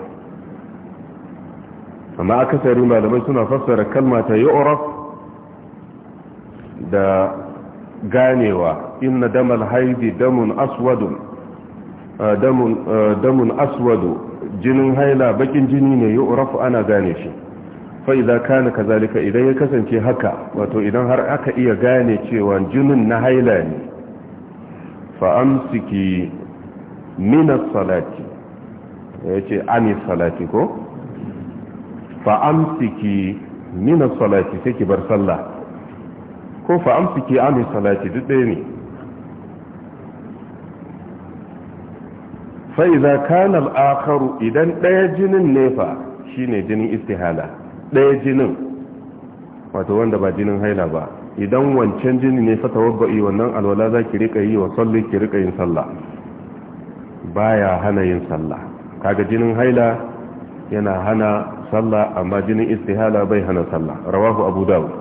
amma akasari malamai suna fassara kalma ta yu'rab da ganewa inna damal haidi damun aswadun damun aswadu jinin haila bakin jini ne yi urafu ana gane shi fai za kana kazalika idan ya kasance haka wato idan har aka iya gane cewa jinin na haila ne fa'amsiki minas salati ya ce ani salati ko fa'amsiki minas salati sai ki bar sallah ko fa'amsiki ani salati duk ɗaya ne fai za kanar akaru idan ɗaya jinin nefa shine jinin istihala ɗaya jinin wato wanda ba jinin haila ba idan wancan jini ne fata wabba'i wannan alwala za ki riƙa yi wa salli ki riƙa yin sallah baya hana yin sallah kaga jinin haila yana hana sallah amma jinin istihala bai hana sallah rawahu abu dawud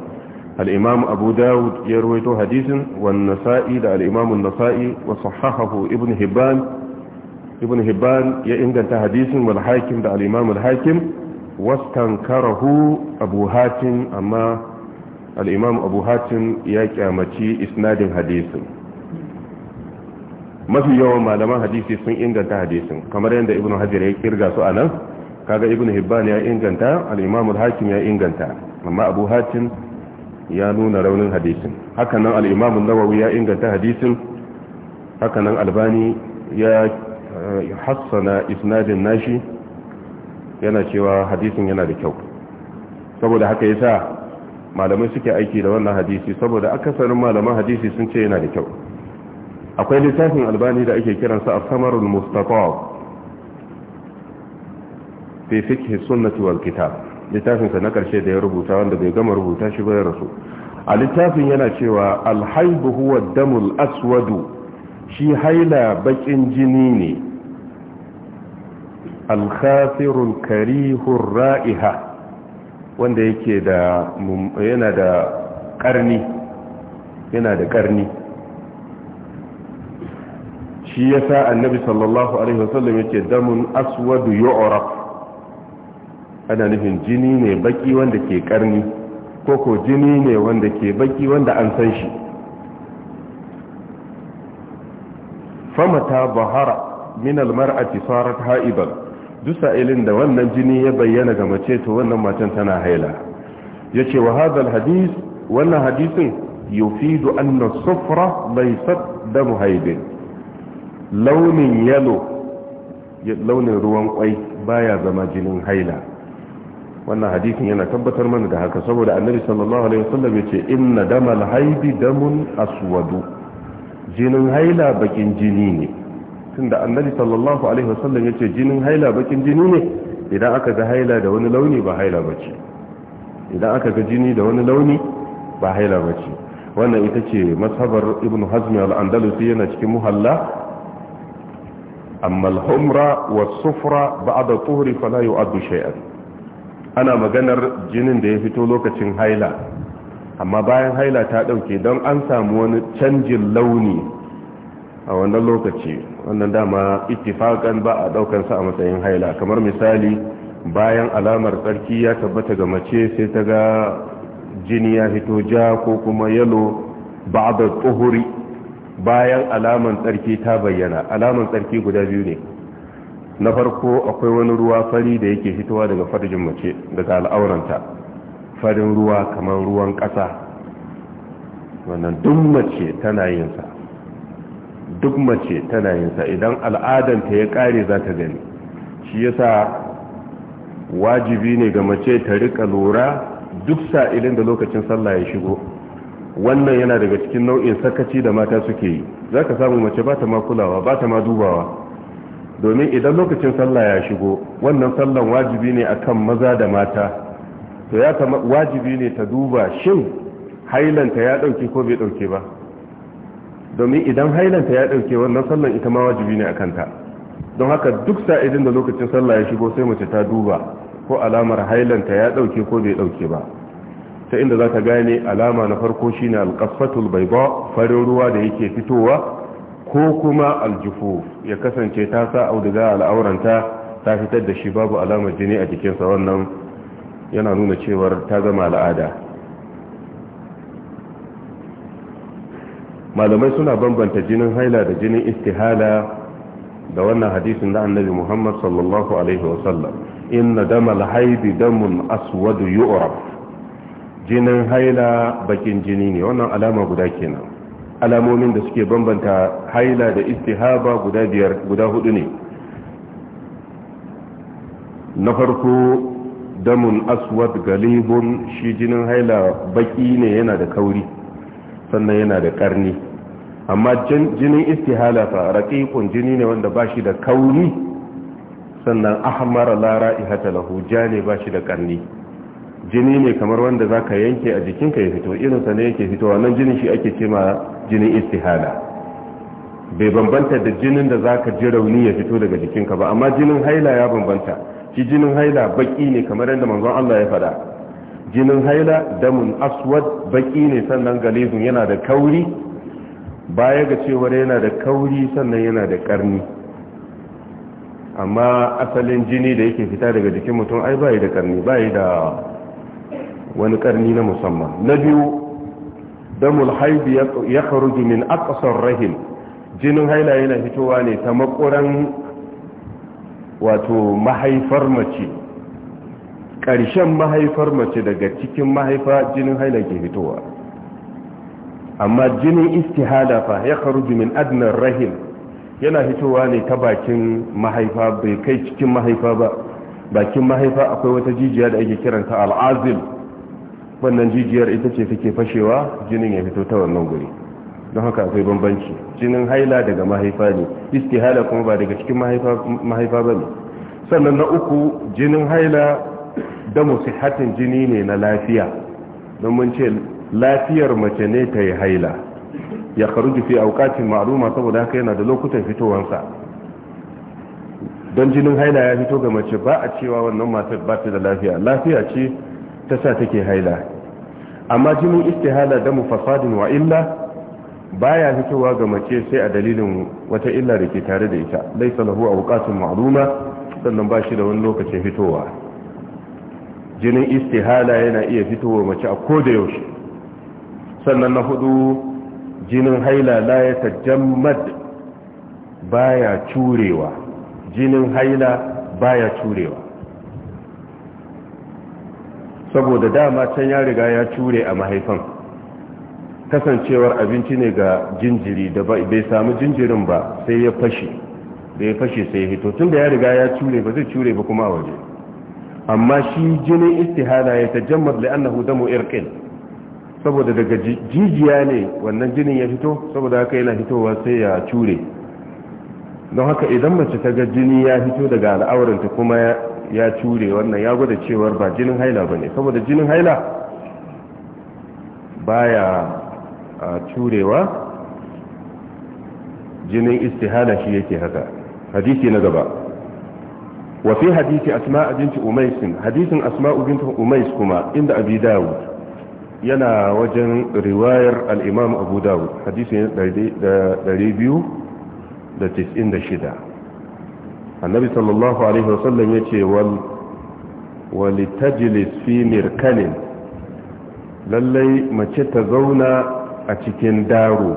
al abu dawud ya rawaito hadisin wan nasa'i da alimamun nasai wa sahahahu ibn hibban ibn hibban ya inganta hadisin walhakim da al walhakim al-hakim wastankarahu abu hatim amma al'imam imam abu hatim ya kyamaci isnadin hadisin mafi yawan malaman hadisi sun inganta hadisin kamar yadda ibn hajar ya kirga su anan kaga ibn hibban ya inganta al'imam walhakim ya inganta amma abu hatim ya nuna raunin hadisin hakanan al-imam an-nawawi ya inganta hadisin hakanan albani ya hassana isnadin nashi yana cewa hadisin yana da kyau saboda haka yasa malamai suke aiki da wannan hadisi saboda akasarin malaman hadisi sun ce yana da kyau akwai littafin albani da ake kiransa a samarul mustafa fi fiqh sunnati wal kitab littafin sa na karshe da ya rubuta wanda bai gama rubuta shi ba ya rasu a littafin yana cewa alhaibu huwa damul aswadu shi haila bakin jini ne alkhasirul karihur ra'iha wanda yake da yana da karni yana da karni shi yasa annabi sallallahu alaihi wasallam yake damun aswadu yu'raf ana nufin jini ne baki wanda ke karni ko ko jini ne wanda ke baki wanda an san shi famata bahara min almar'ati sarat ha'iban duk sa'ilin da wannan jini ya bayyana ga mace to wannan matan tana haila yace wa hadal hadis wannan hadisin yufidu anna sufra laysat damu haibin launin yalo launin ruwan kwai baya zama jinin haila wannan hadisin yana tabbatar mana da haka saboda annabi sallallahu alaihi wasallam yace inna damal haibi damun aswadu jinin haila bakin jini ne Tunda annabi sallallahu alaihi wasallam yace jinin haila bakin jini ne idan aka ga haila da wani launi ba haila bace idan aka ga jini da wani launi ba haila bace wannan ita ce masabar ibn hazm al-andalusi yana cikin muhalla amma al-humra was-sufra ba'da tuhri fala yu'addu shay'an ana maganar jinin da ya fito lokacin haila amma bayan haila ta dauke don an samu wani canjin launi a wannan lokaci wannan dama ittifaqan ba a sa a matsayin haila kamar misali bayan alamar tsarki ya tabbata ga mace sai ta ga jini ya fito ja ko kuma yalo ba'da tuhuri bayan alamar tsarki ta bayyana alamar tsarki guda biyu ne na farko akwai wani ruwa fari da yake fitowa daga farjin mace daga al'auranta farin ruwa kamar ruwan ƙasa wannan duk mace tana yin sa duk mace tana yin sa idan al'adanta ya kare za ta gani shi yasa wajibi ne ga mace ta rika lura duk sa'ilin da lokacin sallah ya shigo wannan yana daga cikin nau'in sakaci da mata suke yi za ka samu mace ba ta ma ba ta ma dubawa domin idan lokacin sallah ya shigo wannan sallan wajibi ne akan maza da mata to ya wajibi ne ta duba shin hailanta ya ɗauke ko bai ɗauke ba domin idan hailanta ya ɗauke wannan sallan ita ma wajibi ne a kanta don haka duk sa'idin da lokacin sallah ya shigo sai mace ta duba ko alamar hailanta ya ɗauke ko bai ɗauke ba ta inda za ta gane alama na farko shi ne alƙafatul baiba farin ruwa da yake fitowa ko kuma aljufu ya kasance ta sa auduga al'auranta ta fitar da shi babu alamar jini a jikinsa wannan yana nuna cewar ta zama al'ada malamai suna bambanta jinin haila da jinin istihala da wannan hadisin da annabi muhammad sallallahu alaihi wasallam inna damal haidi damun aswad yu'raf jinin haila bakin jini ne wannan alama guda kenan alamomin da suke bambanta haila da istihaba guda biyar guda hudu ne na farko damun aswad galibun shi jinin haila baki ne yana da kauri sannan yana da karni amma jinin istihala fa raqiqun jini ne wanda bashi da kauri sannan ahmar la ra'ihata lahu jani bashi da karni jini ne kamar wanda zaka yanke a jikinka ya fito irin sa ne yake fito wannan jinin shi ake cewa jinin istihala bai bambanta da jinin da zaka ji rauni ya fito daga jikinka ba amma jinin haila ya bambanta shi jinin haila baki ne kamar yadda manzon Allah ya faɗa jinin haila damun aswad baki ne sannan galizun yana da kauri baya ga cewar yana da kauri sannan yana da karni amma asalin jini da yake fita daga jikin mutum ai bayi da karni bayi da wani karni na musamman na biyu damul haibi ya kharuji min akasar rahim jinin haila yana fitowa ne ta makuran wato mahaifar mace ƙarshen mahaifar mace daga cikin mahaifa jinin haila ke fitowa amma jinin istihada fa ya kharuju min adnar rahim yana hitowa ne ta bakin mahaifa bai kai cikin mahaifa ba bakin mahaifa akwai wata jijiya da ake kiranta al'azil wannan jijiyar ita ce take fashewa jinin ya fito ta wannan guri don haka akwai bambanci jinin haila daga mahaifa ne istihada kuma ba daga cikin mahaifa ba ne sannan na uku jinin haila da musihatin jini ne na lafiya don mun ce lafiyar mace ne ta yi haila ya karuji fi wukacin ma'aruma saboda haka yana da lokutan fitowansa don jinin haila ya fito ga mace ba a cewa wannan matar ba ta da lafiya lafiya ce ta sa take haila amma jinin istihala da mufasadin wa illa baya fitowa ga mace sai a dalilin wata illa da ke tare da ita laisa lahu wukacin ma'aruma sannan ba shi da wani lokacin fitowa jinin istihala yana iya fitowa mace a koda yaushe sannan na hudu jinin haila la ya tajammad baya curewa jinin haila baya curewa saboda dama can ya riga ya cure a mahaifan kasancewar abinci ne ga jinjiri da bai samu jinjirin ba sai ya fashe da ya sai ya hito tun da ya riga ya cure ba zai cure ba kuma a waje amma shi jinin istihada ya tajammad la'annahu damu irqin saboda daga jijiya ne wannan jinin ya fito saboda haka yana fitowa sai ya cure don haka idan mace ta ga jini ya fito daga al'auranta kuma ya cure wannan ya gwada cewar ba jinin haila ba ne saboda jinin haila baya curewa jinin istihala shi yake haka hadisi na gaba wa fi hadisi asma'a binti umais hadisin asma'a binti umais kuma inda abi dawud yana wajen riwayar al'imam abu dawud da 296 annabi sallallahu alaihi wasallam ya ce walitajilis fi mirkanin lallai mace ta zauna a cikin daro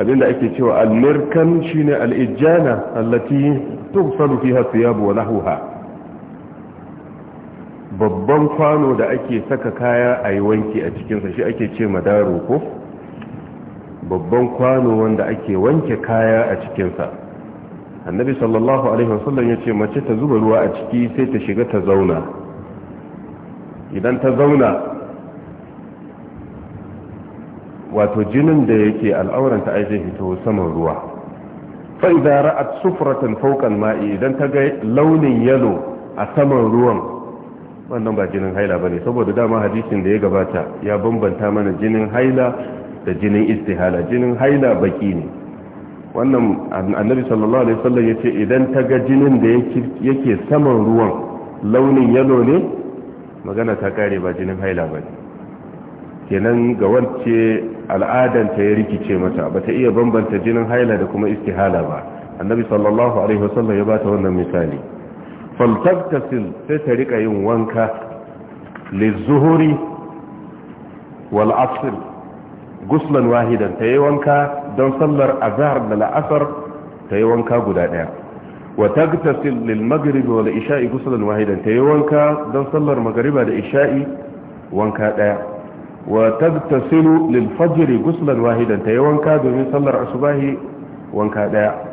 abinda ake cewa almirkan shine al'ijjana allati tufsalu fiha thiyabu wa lahuha babban kwano da ake saka kaya a yi wanki a cikinsa shi ake ce madaro ko babban kwano wanda ake wanke kaya a cikinsa annabi sallallahu alaihi wasallam ya ce mace ta zuba ruwa a ciki sai ta shiga ta zauna idan ta zauna wato jinin da yake al'auranta ai zai fito saman ruwa fa zara ra'at sufratan fawqa al-ma'i idan ta ga launin yalo a saman ruwan wannan ba jinin haila bane saboda dama hadisin da ya gabata ya bambanta mana jinin haila da jinin istihala jinin haila baki ne wannan annabi sallallahu alaihi wasallam yace idan ta ga jinin da yake saman ruwan launin yalo ne magana ta kare ba jinin haila bane kenan ga wacce al'adan ta ya rikice mata ba ta iya bambanta jinin haila da kuma istihala ba annabi sallallahu alaihi wasallam ya bata wannan misali Faltaktasin sai ta rika yin wanka lizuhuri wal asr guslan wahidan ta yi wanka don sallar azhar da la'asar ta yi wanka guda daya wa tagtasil lil maghrib wal isha'i guslan wanka don sallar magriba da isha'i wanka daya wa tagtasilu lil fajr wanka domin sallar asubahi wanka ɗaya.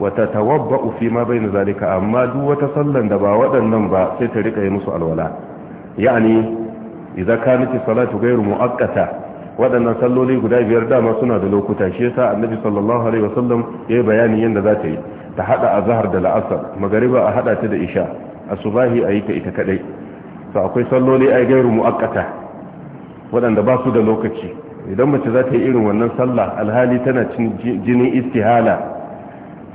wata tawabba'u fi ma bayna zalika amma duk wata sallan da ba waɗannan ba sai ta rika yi musu alwala yani idza kanat salatu ghayru muaqqata waɗannan salloli guda biyar dama suna da lokuta shi yasa annabi sallallahu alaihi wasallam ya yi bayani yadda za ta yi ta hada azhar da la'asar magariba a hada ta da isha asubahi a yi ta ita kadai to akwai salloli ai gairu muakkata waɗanda ba su da lokaci idan mace za ta yi irin wannan sallah alhali tana cin jinin istihala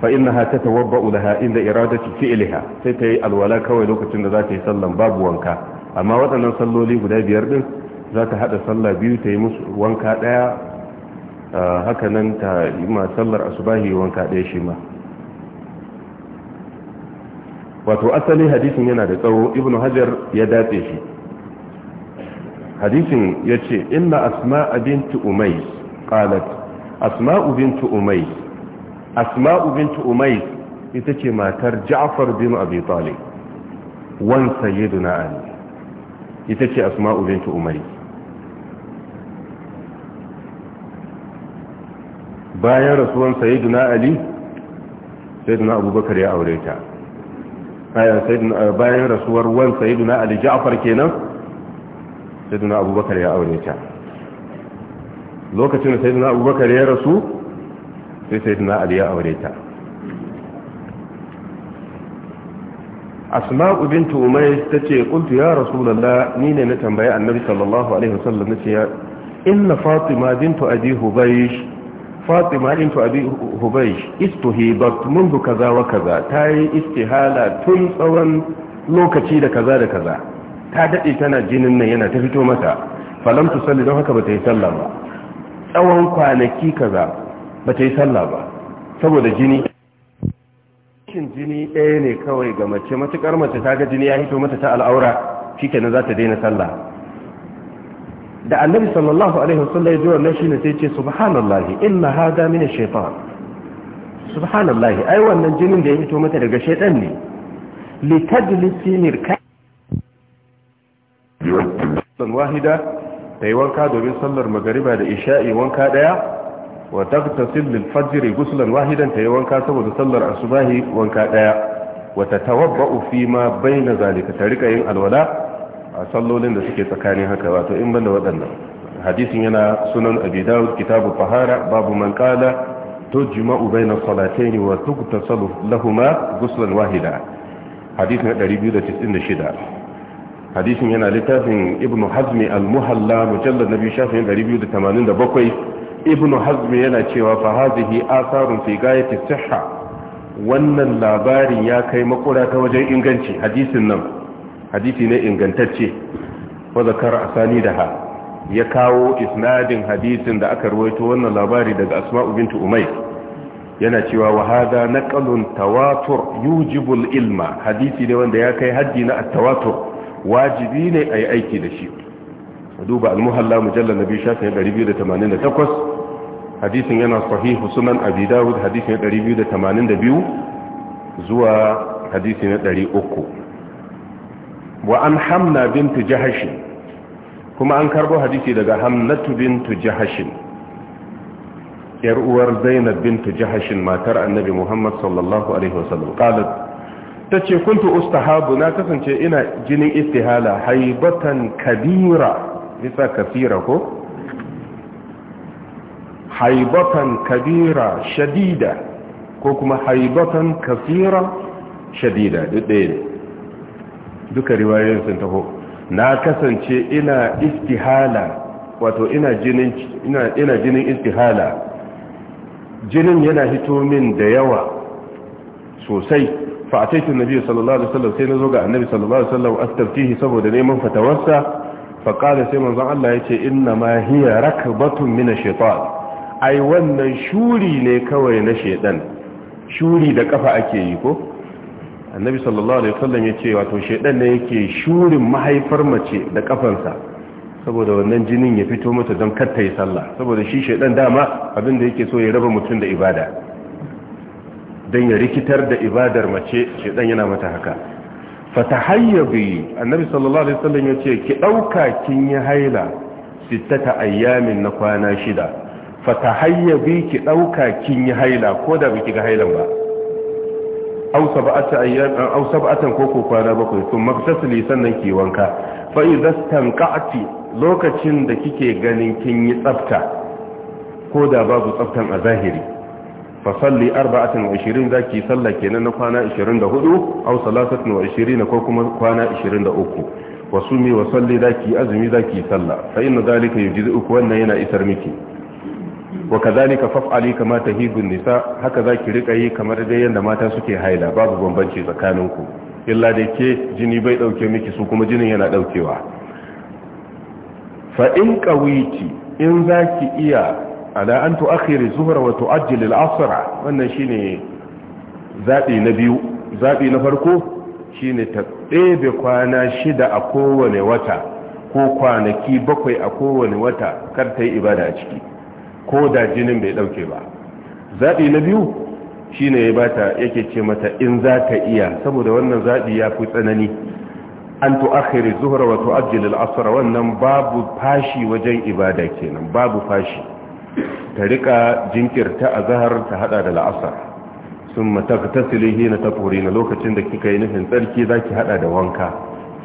fa ta tatawabba laha inda iradati fi'liha sai ta yi alwala kawai lokacin da za ta yi sallan babu wanka amma waɗannan salloli guda biyar din za ta haɗa sallah biyu ta yi musu wanka daya haka nan ta yi ma sallar asubahi wanka ɗaya shi ma wato asali hadisin yana da tsawo ibnu hajar ya datse shi hadisin yace inna asma'a bintu umays qalat asma'u asma'u bintu umay ita ce matar ja'far bin abi talib wan sayyiduna ali ita ce asma'u bintu umay bayan rasuwan sayyiduna ali sayyiduna abubakar ya aure ta bayan rasuwar wan sayyiduna ali ja'far kenan sayyiduna abubakar ya aure ta lokacin da sayyiduna abubakar ya rasu sai sai na ali ya aure ta asma'u bintu ta ce kuntu ya rasulullah ni ne na tambaye annabi sallallahu alaihi wasallam nace ya inna fatima bintu abi hubaysh fatima bintu abi hubaysh kaza wa kaza tayi istihala tun tsawon lokaci da kaza da kaza ta dade tana jinin nan yana ta fito mata falam tusalli don haka bata yi sallah ba tsawon kwanaki kaza ba ta yi sallah ba saboda jini shin jini ɗaya ne kawai ga mace matuƙar mace ta ga jini ya hito mata ta al'aura shi kenan za ta daina sallah da annabi sallallahu alaihi wasallam ya ji wannan ne sai ce subhanallahi inna hada min ash-shaytan subhanallahi ai wannan jinin da ya hito mata daga shaytan ne litajlisi mirka san wahida tayi wanka domin sallar magariba da isha'i wanka daya wa tagtasil lil fajr ghuslan wahidan ta wanka saboda sallar asubahi wanka daya wa tatawabba'u fi ma baina zalika ta rika yin alwala a sallolin da suke tsakanin haka wato in banda waɗannan hadisin yana sunan abi dawud kitabu fahara babu man qala tujma'u baina salatayn wa tughtasalu lahumā ghuslan wahida hadisin 296 hadisin yana littafin ibnu hazmi al-muhalla mujallad nabi shafin 287 ibn hazm yana cewa fa hadhihi atharun fi gayati sihha wannan labarin ya kai makura ta wajen inganci hadisin nan hadisi ne ingantacce wa zakara asani da ha ya kawo isnadin hadisin da aka ruwaito wannan labari daga asma'u bintu umayr yana cewa wa hadha naqalun tawatur yujibul ilma hadisi ne wanda ya kai haddi na at-tawatur wajibi ne ayi aiki da shi duba al-muhalla mujallal nabi shafin 288 hadisin yana sahihu sunan abi dawud hadisi na 282 zuwa hadisi na 300 wa an hamna bintu jahash kuma an karbo hadisi daga hamnatu bintu jahash yar uwar zainab bintu jahash matar annabi muhammad sallallahu alaihi wasallam qalat tace kuntu ustahabu na kasance ina jinin istihala haibatan kabira bisa kafira ko haibatan kabira shadida ko kuma haibatan kafira shadida duk ɗaya duka riwayoyin sun taho na kasance ina istihala wato ina jinin ina ina jinin istihala jinin yana hito min da yawa sosai fa ataitu nabi sallallahu alaihi wasallam sai nazo ga annabi sallallahu alaihi wasallam astaftihi saboda neman fatawarsa fa qala sai manzon Allah yace inna ma hiya rakbatun min ash-shaytan ai wannan shuri ne kawai na shedan shuri da kafa ake yi ko annabi sallallahu alaihi wasallam ya ce wato shedan ne yake shurin mahaifar mace da kafansa saboda wannan jinin ya fito mata don katta yi sallah saboda shi shedan dama abin da yake so ya raba mutum da ibada don ya rikitar da ibadar mace shedan yana mata haka fatahayyabi annabi sallallahu alaihi wasallam ya ce ki dauka kin yi haila sittata ayyamin na kwana shida fatahayyabi ki dauka kin yi haila ko da biki ga hailan ba aw sab'ata ayyan aw sab'atan ko ko kwana bakwai sun magtasili sannan ki wanka fa idza stanqati lokacin da kike ganin kin yi tsafta ko da babu tsaftan a zahiri fa salli 24 zaki salla kenan na kwana 24 aw salatatan 20 ko kuma kwana 23 wasumi wa salli zaki azumi zaki salla fa inna zalika yujzi'uka wannan yana isar miki wa kazalika faf'ali kama higun nisa haka zaki rika yi kamar dai yadda mata suke haila babu bambanci tsakaninku illa da ke jini bai dauke miki su kuma jinin yana daukewa fa in qawiti in zaki iya ala an akiri zuhra wa tuajjil al-asr wannan shine zabi na biyu zabi na farko shine ta ɗebe kwana shida a kowane wata ko kwanaki bakwai a kowane wata kar ta yi ibada a ciki ko da jinin bai dauke ba zabi na biyu shine ya bata yake ce mata in za ka iya saboda wannan zabi ya fi tsanani an tu'akhiri zuhra wa tu'ajjil al wannan babu fashi wajen ibada kenan babu fashi ta rika jinkirta a zahar ta hada da al ta silihi na tafuri na lokacin da kika yi nufin tsarki zaki hada da wanka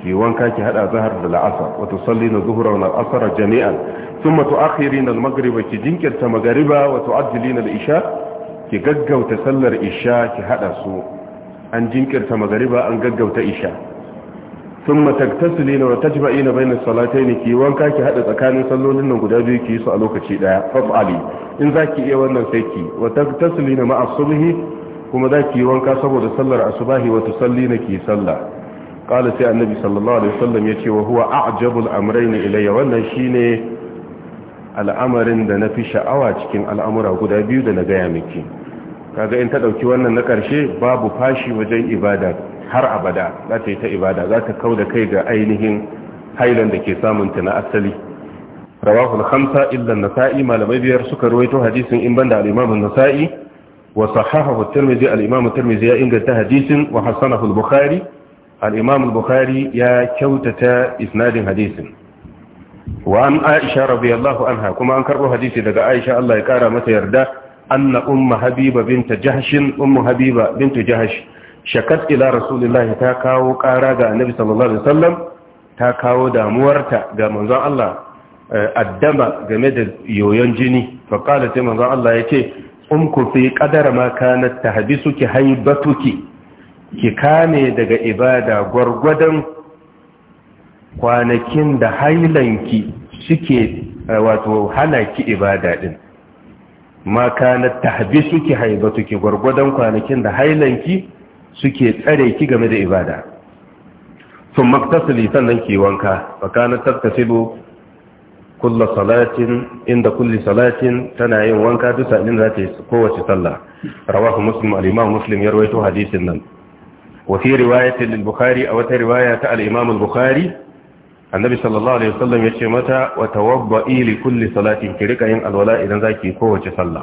ki wanka ki hada zahar da la'asar wa tusallina zuhra wal asr jami'an thumma tu'akhirina al maghriba ki jinkirta maghriba wa tu'ajjilina isha ki gaggauta sallar isha ki hada su an jinkirta maghriba an gaggauta isha thumma taktasilina wa tajma'ina bayna as-salatayn ki wanka ki haɗa tsakanin sallolin nan guda biyu ki su a lokaci daya fa'ali in zaki iya wannan saiki ki wa kuma zaki wanka saboda sallar asubahi wa tusallina ki sallah qala sai annabi sallallahu alaihi wasallam yace wa huwa a'jabul amrayn ilayya wannan shine al'amarin da nafi sha'awa cikin al'amura guda biyu da na gaya miki kaga in ta dauki wannan na karshe babu fashi wajen ibada har abada za ta yi ta ibada za ta kauda kai ga ainihin hailan da ke samun ta na asali rawahu al-khamsa illa an-nasa'i malamai biyar suka ruwaito hadisin in banda al-imam an-nasa'i wa sahahahu at-tirmidhi al-imam at-tirmidhi ya inganta hadisin wa hasanahu al-bukhari الإمام البخاري يا كوتة إسناد حديث وعن عائشة رضي الله عنها كما أنكروا حديثي لقى عائشة الله يكارى متى يردى أن أم حبيبة بنت جهش أم حبيبة بنت جهش شكت إلى رسول الله تاكاو قارا النبي صلى الله عليه وسلم تاكاو دامورتا دامنزا الله addama game da yoyon jini فقالت sai manzon Allah ya ce umku fi ƙadar ma kanat tahbisuki ki kame daga ibada gwargwadon kwanakin da hailanki suke eh, wato hana ki ibada din ma kana tahbisu ki haibatu ki gwargwadon kwanakin da hailanki suke tsare ki game da ibada sun maktasili sannan ki wanka Bakana kana tattasilu salatin inda kulli salatin tana yin wanka duk inda za yi kowace sallah rawahu muslim al-imam muslim ya rawaito hadisin nan وفي رواية للبخاري أو رواية الإمام البخاري النبي صلى الله عليه وسلم يشي متى وتوضئي لكل صلاة كريكا ين الولاء إذن ذاكي كوة صلى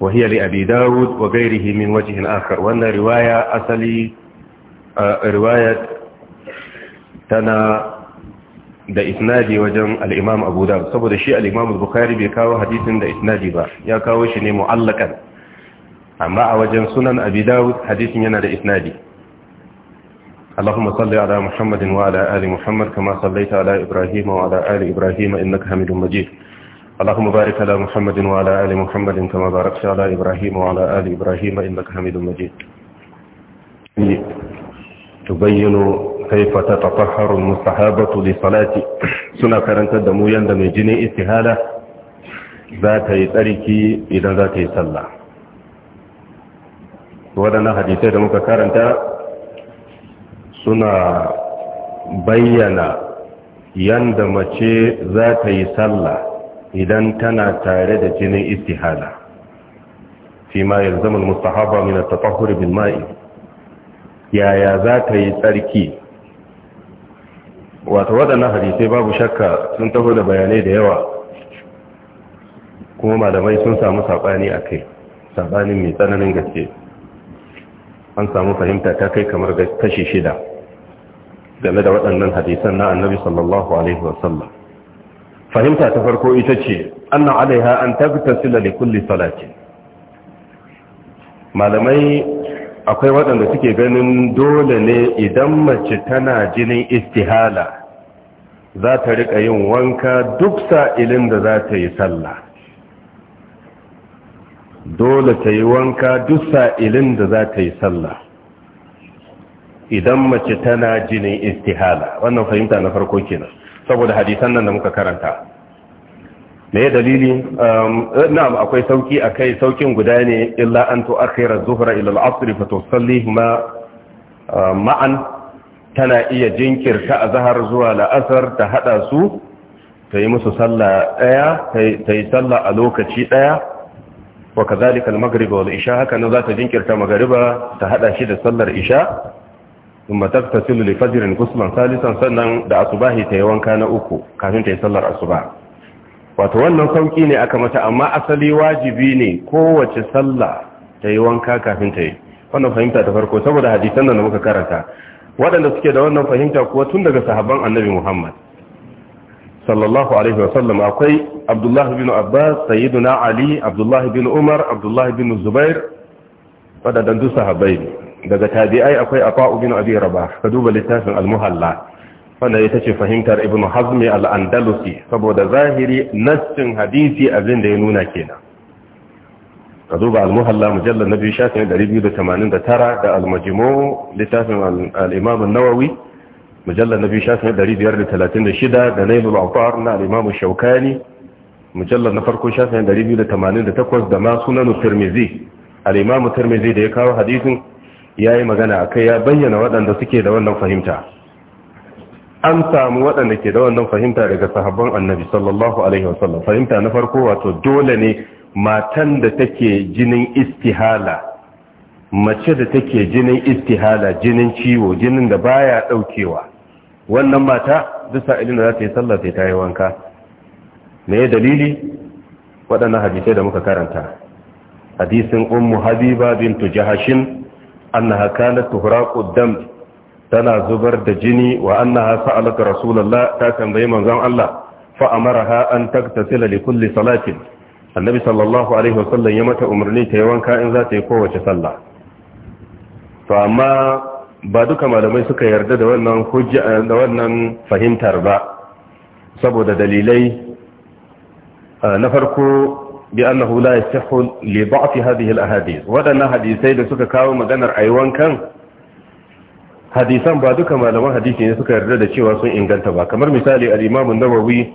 وهي لأبي داود وغيره من وجه آخر وأن رواية أصلي آه رواية تنا da isnadi wajen al'imam abu da saboda shi al'imam bukari bai kawo hadisin da isnadi ba ya kawo shi ne mu'allakan amma a wajen sunan abu dawud hadisin yana da isnadi اللهم صل على محمد وعلى آل محمد كما صليت على إبراهيم وعلى آل إبراهيم إنك حميد مجيد اللهم بارك على محمد وعلى آل محمد كما باركت على إبراهيم وعلى آل إبراهيم إنك حميد مجيد تبين كيف تتطهر المستحابة لصلاة سنة كرنت دمويا دم جني استهالة ذات يتركي إذا ذات يسلى ودنا حديثة دمك كرنت suna bayyana yanda mace za ta yi sallah idan tana tare da jinin istihala fi ma mun mustahaba min at-tatahhur bil ma'i yaya za ta yi tsarki wato waɗannan hadisai babu shakka sun taho da bayanai da yawa kuma malamai sun samu saɓani a kai mai tsananin gaske an samu fahimta ta kai kamar kashi shida game da waɗannan hadisan na annabi sallallahu alaihi wasallam fahimta ta farko ita ce anna alaiha an tabtasila li kulli salati malamai akwai waɗanda suke ganin dole ne idan mace tana jinin istihala za ta riƙa yin wanka duk sa'ilin da za ta yi sallah dole ta yi wanka duk sa'ilin da za ta yi sallah idan mace tana jinin istihala wannan fahimta na farko kenan saboda hadisan nan da muka karanta me dalili um, eh, na'am akwai sauki akai saukin guda ne illa an tu'akhira zuhra ila al-'asr fa tusalli ma uh, ma'an tana iya jinkirta azhar zuwa la'asar ta hada su ta yi musu sallah daya ta yi sallah a lokaci daya wa kazalika al-maghrib wal isha haka nan za ta jinkirta magriba ta hada shi da sallar isha ثم تغتسل لفجر غسلا ثالثا sannan da asubahi ta yi wanka na uku kafin ta yi sallar asuba wato wannan sauki ne aka mata amma asali wajibi ne kowace sallah ta yi wanka kafin ta yi wannan fahimta ta farko saboda hadisan da muka karanta waɗanda suke da wannan fahimta kuwa tun daga sahabban annabi Muhammad sallallahu alaihi wasallam akwai Abdullah bin Abbas sayyiduna Ali Abdullah bin Umar Abdullah bin Zubair waɗanda duk sahabbai ne daga tabi'ai akwai afa'u bin abi rabah ka duba littafin al-muhalla wanda ita ce fahimtar ibnu hazmi al-andalusi saboda zahiri nassin hadisi abin da ya nuna kenan ka duba al-muhalla mujallal na biyu shafin 289 da al-majmu littafin al-imam an-nawawi mujallal na biyu shafin 536 da nailul afar na al-imam shaukani mujallal na farko shafin 288 da ma sunan tirmizi al-imam tirmizi da ya kawo hadisin ya yi magana a kai ya bayyana waɗanda suke da wannan fahimta an samu waɗanda ke da wannan fahimta daga sahabban annabi sallallahu alaihi wasallam fahimta na farko wato dole ne matan da take jinin istihala mace da take jinin istihala jinin ciwo jinin da baya daukewa wannan mata duk sa'ilin da za ta yi sallah sai ta yi wanka me dalili waɗannan hadisai da muka karanta hadisin ummu habiba bintu jahashin annaha kanat tuhraqu dam tana zubar da jini wa annaha sa'alat rasulullah ta tambaye manzon Allah fa amaraha an taktasila li kulli salatin annabi sallallahu alaihi wasallam ya mata umarni ta yi wanka in za ta yi kowace sallah to amma ba duka malamai suka yarda da wannan hujja da wannan fahimtar ba saboda dalilai na farko بأنه لا يصح لضعف هذه الأحاديث ودنا حديثي da suka kawo maganar aiwan hadisan ba duka malaman hadisi ne suka yarda da cewa sun inganta ba kamar misali al-Imam an-Nawawi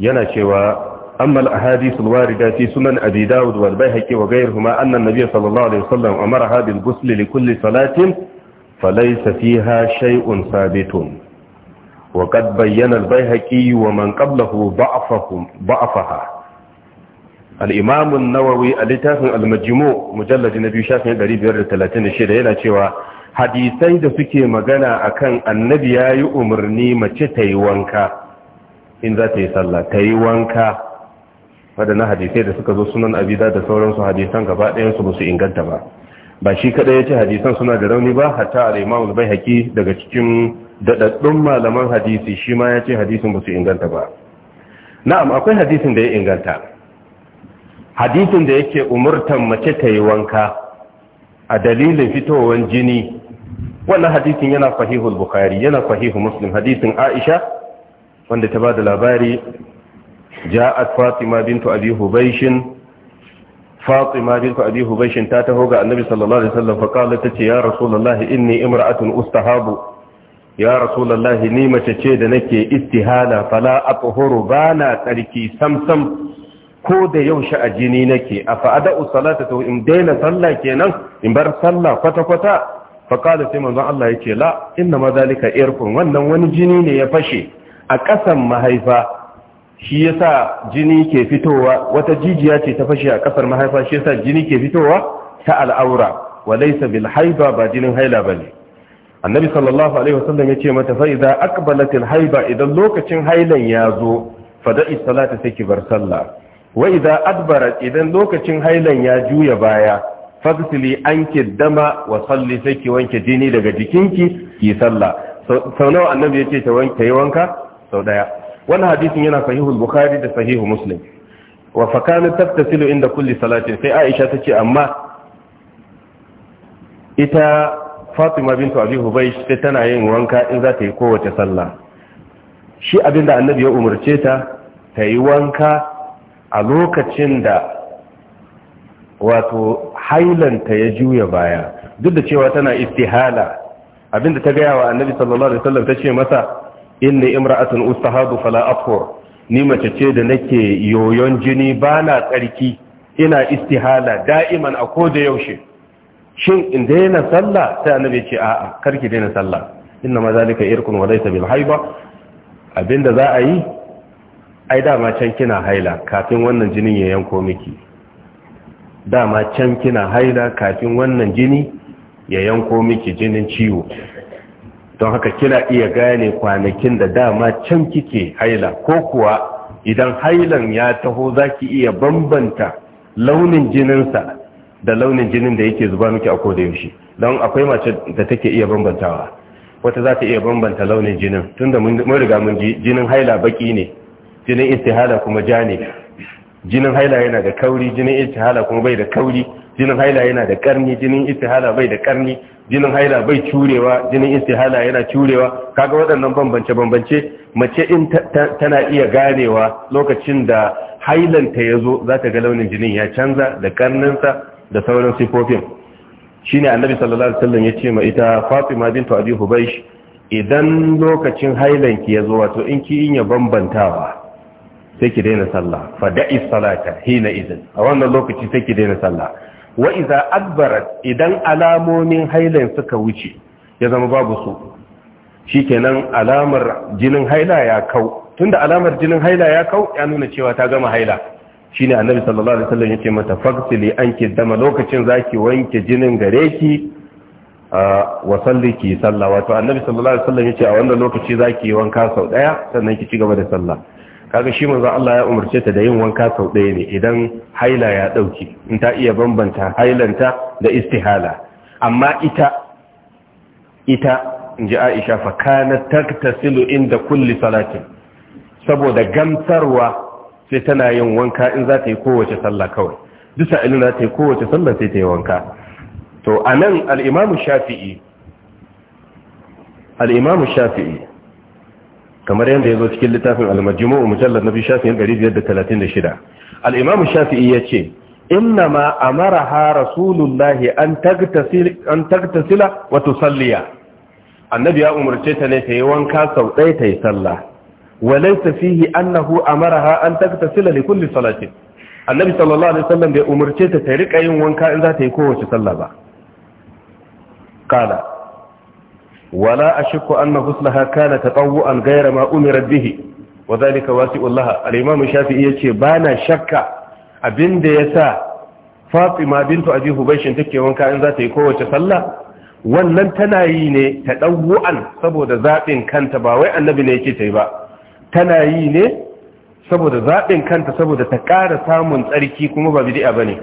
yana cewa amma al-ahadith al sunan Abi Dawud wal Bayhaqi wa ghayrihima anna an-nabiy sallallahu alayhi wasallam amara hadhi al-ghusl li kulli salatin fa laysa fiha shay'un thabitun wa qad bayyana al-Bayhaqi wa man qablahu ba'fahum ba'faha Al'imamin nawawi a littafin almajimo mujallaji na biyu shafin 536 yana cewa hadisai da suke magana akan annabi ya yi umarni mace ta yi wanka in za ta yi sallah ta yi wanka waɗannan hadisai da suka zo sunan abida da sauransu hadisan gaba ɗayansu ba su inganta ba ba shi kaɗai ya ce hadisan suna da rauni ba hatta al'imamun bai haƙi daga cikin daɗaɗɗun malaman hadisi shima ma ya ce hadisin ba su inganta ba na'am akwai hadisin da ya inganta hadisin da yake umurtan mace ta yi wanka a dalilin fitowar jini wannan hadisin yana sahihul bukhari yana sahihu muslim hadisin aisha wanda ta ba da labari ja'at fatima bintu abi hubaishin fatima bintu abi hubaishin ta taho ga annabi sallallahu alaihi wasallam fa qalat ta ce ya rasulullahi inni imra'atun ustahabu ya rasulullahi ni mace ce da nake istihala fala athuru bana tsarki samsam ko da yaushe a jini nake a fa'ada'u salata to in daina sallah kenan in bar sallah kwata-kwata faƙada sai manzon Allah ya ce la inna ma zalika irkun wannan wani jini ne ya fashe a ƙasan mahaifa shi yasa jini ke fitowa wata jijiya ce ta fashe a kasar mahaifa shi yasa jini ke fitowa ta al'aura wa laysa bil haiba ba jinin haila bane annabi sallallahu alaihi wasallam ya ce mata fa idza aqbalatil haiba idan lokacin hailan ya zo fada'i salata sai ki bar sallah wa idza adbara idan lokacin hailan ya juya baya fasili anki dama wa salli sai wanke jini daga jikinki ki sallah sau nawa annabi yace ta wanke yi wanka sau daya wannan hadisin yana sahihu bukhari da sahihu muslim wa fakanat taftasilu inda kulli salatin sai aisha tace amma ita fatima bintu abi hubaysh sai tana yin wanka in za ta yi kowace sallah shi abinda annabi ya umarce ta ta yi wanka a lokacin da wato hailanta ya juya baya duk da cewa tana istihala abinda ta gaya wa annabi sallallahu alaihi wasallam tace masa inni imra'atun ustahadu fala afur ni mace ce da nake yoyon jini bana tsarki ina istihala da'iman a koda yaushe shin in daina sallah sai annabi ce a'a karki daina sallah inna ma zalika irkun wa laysa bil haiba abinda za a yi ai dama can kina haila kafin wannan jinin ya yanko miki dama can kina haila kafin wannan jini ya yanko miki jinin ciwo don haka kina iya gane kwanakin da dama can kike haila ko kuwa idan hailan ya taho zaki iya bambanta launin jininsa da launin jinin da yake zuba miki a koda yaushe don akwai mace da take iya bambantawa wata za ta iya bambanta launin jinin tunda mun riga mun ji jinin haila baki ne jinin istihala kuma jane. jinin haila yana da kauri jinin istihala kuma bai da kauri jinin haila yana da karni jinin istihala bai da karni jinin haila bai curewa jinin istihala yana curewa kaga waɗannan bambance bambance mace in tana iya ganewa lokacin da hailanta ya zo za ta ga launin jinin ya canza da karninsa da sauran sifofin shine annabi sallallahu alaihi wasallam ya ce ma ita Fatima bintu Abi Hubaysh idan lokacin hailanki ya zo wato in ki iya bambantawa sai ki daina sallah fa da'i salata hina idan a wannan lokaci sai ki daina sallah wa idza adbarat idan alamomin hailan suka wuce ya zama babu su shikenan alamar jinin haila ya kau tunda alamar jinin haila ya kau ya nuna cewa ta gama haila shine annabi sallallahu alaihi wasallam yake mata fagsili anki dama lokacin zaki wanke jinin gare ki wa salliki sallah wato annabi sallallahu alaihi wasallam yace a wannan lokaci zaki wanka sau daya sannan ki ci gaba da sallah kaga shi manzon Allah ya umarce ta da yin wanka sau ɗaya ne idan haila ya ɗauki in ta iya bambanta hailanta da istihala amma ita ita in ji Aisha fa kana taktasilu inda kulli salatin saboda gamsarwa sai tana yin wanka in za ta yi kowace sallah kawai duk sa'ilin za ta yi kowace sallah sai ta yi wanka to anan al-Imam Shafi'i al Shafi'i kamar yadda ya zo cikin littafin na al-majmu' mujallad nabi shafi'in 536 al-imam shafi'i yace inna ma amara ha rasulullahi an tagtasil an tagtasila wata salliya. annabi ya umarce ta ne ta yi wanka sau ɗaya ta yi sallah walaysa fihi annahu amaraha an tagtasila li kulli salatin annabi sallallahu alaihi sallam, bai umarce ta ta riƙa yin wanka in za ta yi kowace sallah ba kala ولا أشك أن غسلها كان تطوعا غير ما أمرت به وذلك واسع الله الإمام الشافعي يقول بانا شك أبن ديسا فاطمة بنت أبي هبيش تكي وانكا إن yi kowace صلى wannan tana yi ne ta saboda zaɓin kanta ba wai annabi ne yake yi ba tana yi ne saboda zaɓin kanta saboda ta ƙara samun tsarki kuma ba bidi'a ba ne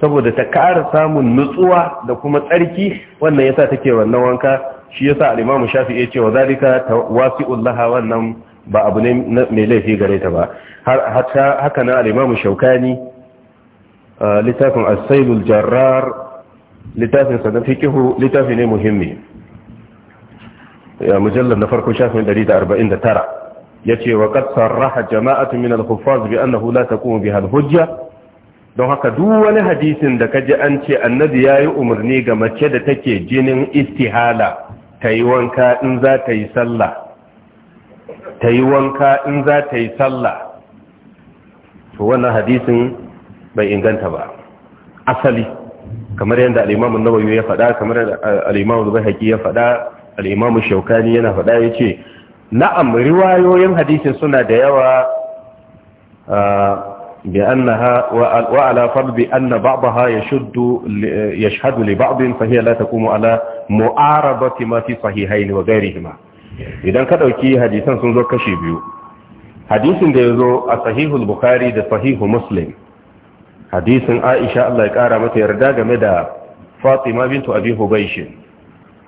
saboda ta ƙara samun nutsuwa da kuma tsarki wannan yasa take wannan wanka shi yasa al imam shafi'i yace wa zalika wasi'ul laha wannan ba abu ne mai laifi gare ta ba hatta haka na al imam shaukani uh, littafin as-sailul jarrar littafin sanan fiqhu littafi ne muhimmi ya mujallal na farko shafin 149 yace wa qad sarraha jama'atu min al-huffaz bi annahu la taqumu biha al-hujja don haka duk wani hadisin da kaji an ce annabi yayi umarni ga mace da take jinin istihala ta yi wanka in za ta yi sallah ta yi wanka in za ta yi sallah to wannan hadisin bai inganta ba asali kamar yadda al'imamun nawayo ya faɗa kamar yadda eh, al'imamun zubai haƙi ya faɗa al'imamun shaukani yana faɗa ya ce na'am riwayoyin hadisin suna da yawa ah, بأنها وعلى فرض أن بعضها يشد يشهد لبعض فهي لا تقوم على معارضة ما في صحيحين وغيرهما idan ka ɗauki hadisan sun zo kashe biyu hadisin da ya zo a sahihul bukhari da sahihu muslim hadisin aisha Allah ya ƙara mata yarda game da fatima bintu abi hubaishin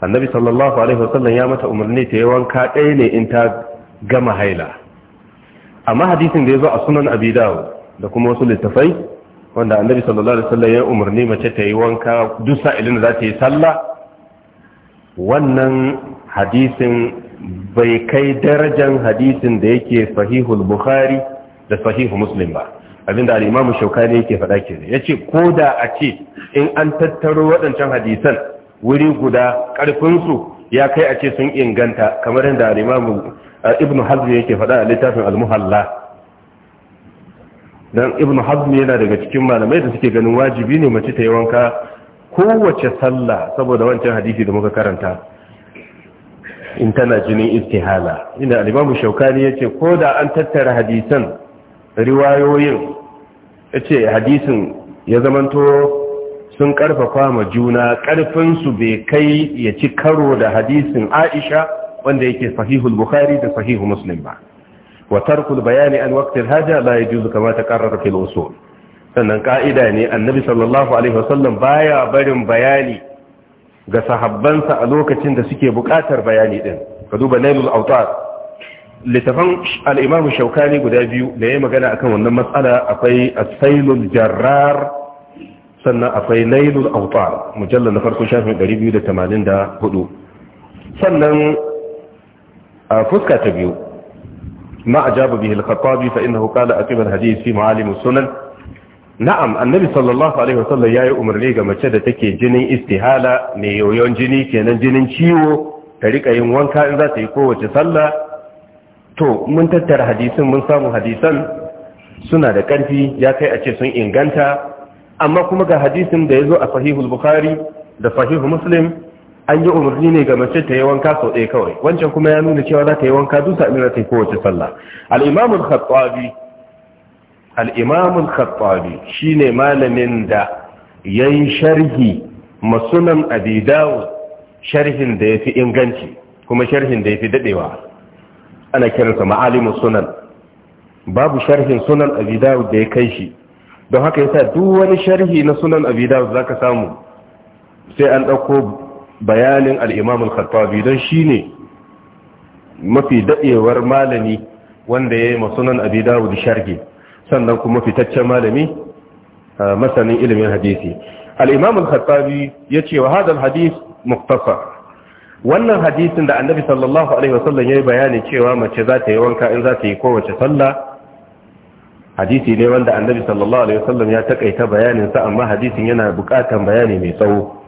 annabi sallallahu alaihi wasallam ya mata umarni ta yi wanka ɗaya ne in ta gama haila amma hadisin da ya zo a sunan abi da kuma wasu littafai wanda annabi sallallahu alaihi wasallam ya umarni mace ta yi wanka duk sa'ilin da za ta yi sallah wannan hadisin bai kai darajan hadisin da yake sahihul bukhari da sahihu muslim ba abinda al-imam shaukani yake faɗa Ya yace ko da a ce in an tattaro waɗancan hadisan wuri guda ƙarfin su ya kai a ce sun inganta kamar yadda al-imam ibn hazm yake faɗa a littafin al-muhalla dan ibn hazm yana daga cikin malamai da suke ganin wajibi ne mace ta yi wanka kowace sallah saboda wancan hadisi da muka karanta in tana jinin istihala ina al shaukani yace ko da an tattara hadisan riwayoyin yace hadisin ya zamanto sun karfafa ma juna karfin su bai kai ya ci karo da hadisin Aisha wanda yake sahihul Bukhari da sahihu Muslim ba wa tarkul bayani an waqtil haja la yajuzu kama taqarrara fil sannan ka'ida ne annabi sallallahu alaihi wasallam baya barin bayani ga sahabbansa a lokacin da suke buƙatar bayani din ka duba nailul autar littafan al-imam shaukani guda biyu da ya magana akan wannan matsala akwai as-sailul jarrar sannan akwai nailul autar mujallal na farko shafin 284 sannan a fuska ta biyu ما أجاب به الخطابي فإنه قال أقيم الحديث في معالم na'am annabi sallallahu alaihi wasallam yayi umarni ga mace da take jinin istihala mai yoyon jini kenan jinin ciwo ta rika yin wanka in za ta yi kowace sallah to mun tattara hadisin mun samu hadisan suna da karfi ya kai a ce sun inganta amma kuma ga hadisin da yazo a sahihul bukhari da sahihu muslim an yi umarni ne ga mace ta yi wanka sau ɗaya kawai wancan kuma ya nuna cewa za ta yi wanka duk sa'in ta yi kowace sallah al'imamun khattabi al'imamun khattabi shi ne malamin da ya yi sharhi masunan abi sharhin da ya fi inganci kuma sharhin da ya fi dadewa ana kiransa ma'alimus sunan babu sharhin sunan abi da ya kai shi don haka yasa duk wani sharhi na sunan abi za ka samu sai an ɗauko. bayanin al-imam al-khattabi don ne mafi daɗewar malami wanda ya yi masunan abi dawud sharge sannan kuma fitaccen malami masanin ilimin hadisi al-imam al-khattabi ce wa hadal hadis muktasar wannan hadisin da annabi sallallahu alaihi wasallam yi bayani cewa mace za ta yi wanka in za ta yi kowace sallah hadisi ne wanda annabi sallallahu alaihi wasallam ya taƙaita bayaninsa amma hadisin yana bukatan bayani mai tsawo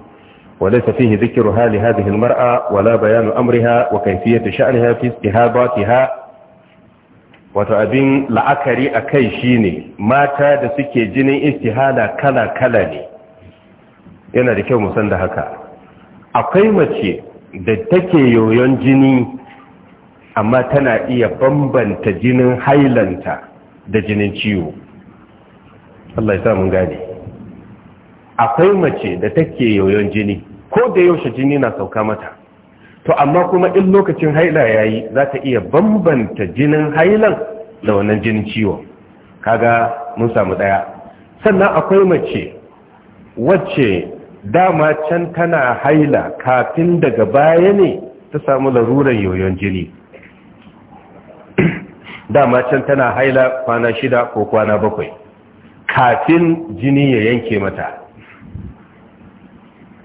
وليس فيه ذكرها لهذه المرأة ولا بيان أمرها وكيفية شأنها في استهاباتها وتأبين لعكري أكيشيني ماتا دسكي جني استهالة كلا kala لي yana da kyau musan da haka akwai mace da take yoyon jini amma tana iya bambanta jinin hailanta da jinin ciwo Allah ya sa mun gane akwai mace da take yoyon jini ko da yaushe jini na sauka mata to amma kuma in lokacin haila yayi za ta iya bambanta jinin hailan da wannan jinin ciwon kaga mun samu daya sannan akwai mace wacce dama can tana haila kafin daga baya ne ta samu laruran yoyon jini dama can tana haila kwana shida ko kwana bakwai kafin jini ya yanke mata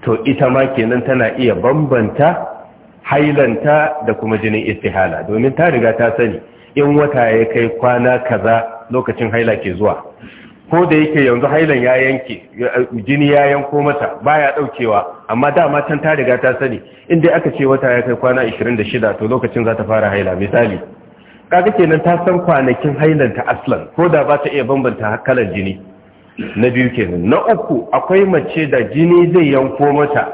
to ita ma kenan tana iya bambanta hailanta da kuma jinin istihala domin ta riga ta sani in wata ya kai kwana kaza lokacin haila ke zuwa ko da yake yanzu hailan ya yanke jini ya yanko mata baya daukewa amma dama can ta riga ta sani inda aka ce wata ya kai kwana 26 to lokacin za ta fara haila misali kaga kenan ta san kwanakin hailanta aslan ko da ba ta iya bambanta kalan jini na biyu kenan na uku akwai mace da jini zai yanko mata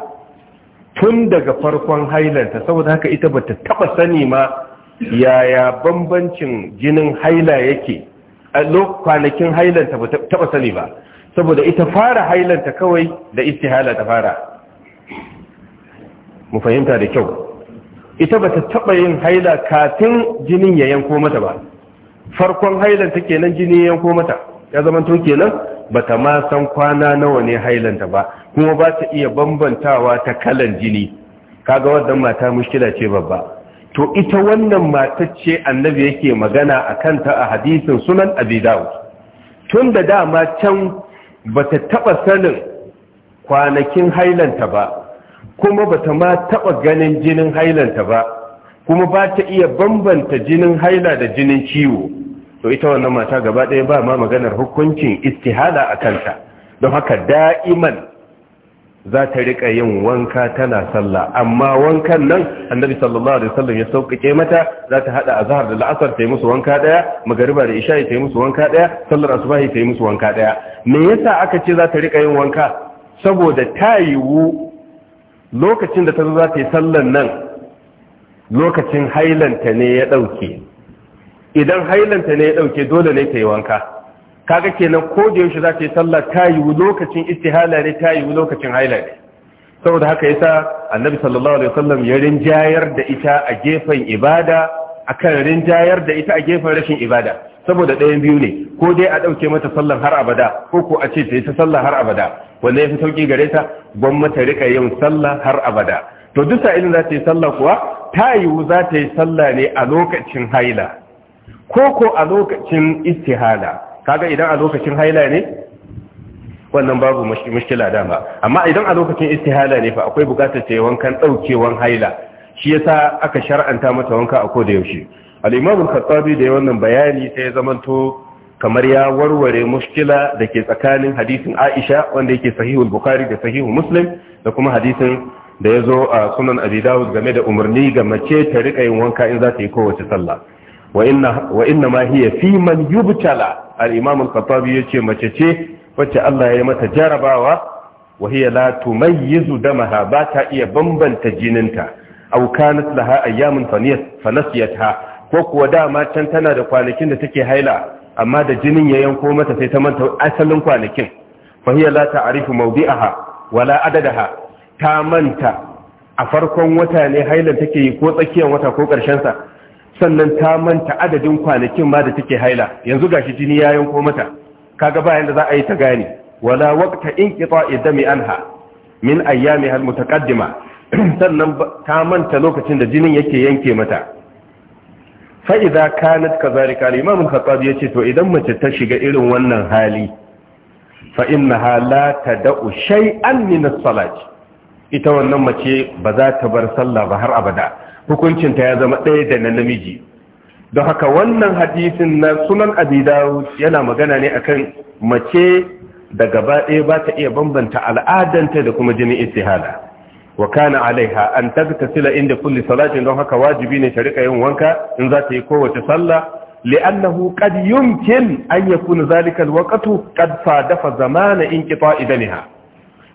tun daga farkon hailanta saboda haka ita bata taba sani ma yaya bambancin jinin haila yake a kwanakin hailanta ba taba sani ba saboda ita fara hailanta kawai da istihala ta fara mu fahimta da kyau ita bata taba yin haila kafin jinin ya yanko mata ba farkon hailanta kenan jini ya yanko mata ya zamanto kenan bata ma san kwana nawa ne hailanta ba kuma ba ta iya bambantawa ta kalan jini kaga wannan mata mushkila ce babba to ita wannan matar ce annabi yake magana a kanta a hadisin sunan abi dawud tun da dama can ba ta taba sanin kwanakin hailanta ba kuma ba ta ma taba ganin jinin hailanta ba kuma ba ta iya bambanta jinin haila da jinin ciwo to ita wannan mata gaba ɗaya ba ma maganar hukuncin istihala a kanta don haka da'iman za ta riƙa yin wanka tana sallah amma wankan nan annabi sallallahu alaihi wasallam ya sauƙaƙe mata za ta hada azhar da la'asar ta yi musu wanka ɗaya magariba da isha ta yi musu wanka ɗaya sallar asubahi ta yi musu wanka ɗaya me yasa aka ce za ta riƙa yin wanka saboda ta yiwu lokacin da ta zo za ta yi sallar nan lokacin hailanta ne ya ɗauke idan hailanta ne ya ɗauke, dole ne ta yi wanka kaga kenan ko da yaushe za ta yi sallah ta yiwu lokacin istihala ne ta yiwu lokacin haila ne saboda haka yasa annabi sallallahu alaihi wasallam ya rinjayar da ita a gefen ibada akan rinjayar da ita a gefen rashin ibada saboda ɗayan biyu ne ko dai a ɗauke mata sallar har abada ko ko a ce ta yi ta sallah har abada wanda ya fi sauƙi gare ta mata rika yin sallah har abada to duk sa'ilin za ta yi sallah kuwa ta yiwu za ta yi sallah ne a lokacin haila ko ko a lokacin istihala kaga idan a lokacin haila ne wannan babu mushkila dama amma idan a lokacin istihala ne fa akwai bukatar ta wankan daukewan haila shi yasa aka shar'anta mata wanka a koda yaushe al-imam khattabi da wannan bayani sai ya zamanto kamar ya warware mushkila da ke tsakanin hadisin Aisha wanda yake sahihul Bukhari da sahihul Muslim da kuma hadisin da ya zo a sunan Abi Dawud game da umarni ga mace ta rika yin wanka in za ta yi kowace sallah wa inna ma hiya fi man yubtala al-imam al mace ce wacce Allah ya yi mata jarabawa wa hiya la tumayyizu damaha ba iya bambanta jininta aw kanat laha ayyamun fanasiyatha ko kuwa dama can tana da kwanakin da take haila amma da jinin ya yanko mata sai ta manta asalin kwanakin fa hiya la ta'rifu mawdi'aha wala adadaha ta manta a farkon wata ne hailan take yi ko tsakiyar wata ko karshen sa sannan ta manta adadin kwanakin ma da take haila yanzu gashi jini ya yanko mata kaga bayan da za a yi ta gane wala waqta inqita'i dami anha min ayyamiha almutaqaddima sannan ta manta lokacin da jinin yake yanke mata fa idza kanat kadhalika al-imam al-khattabi yace to idan mace ta shiga irin wannan hali fa innaha la tad'u shay'an min as-salati ita wannan mace ba za ta bar sallah ba har abada hukuncinta ya zama ɗaya da na namiji Da haka wannan hadisin na sunan abidawu yana magana ne akan mace da gaba ɗaya ba ta iya bambanta al'adanta da kuma jinin istihala wa kana alaiha an tagtasila inda kulli salatin don haka wajibi ne ta rika yin wanka in za ta yi kowace sallah لأنه قد يمكن أن يكون ذلك الوقت قد dafa zamana انقطاع دمها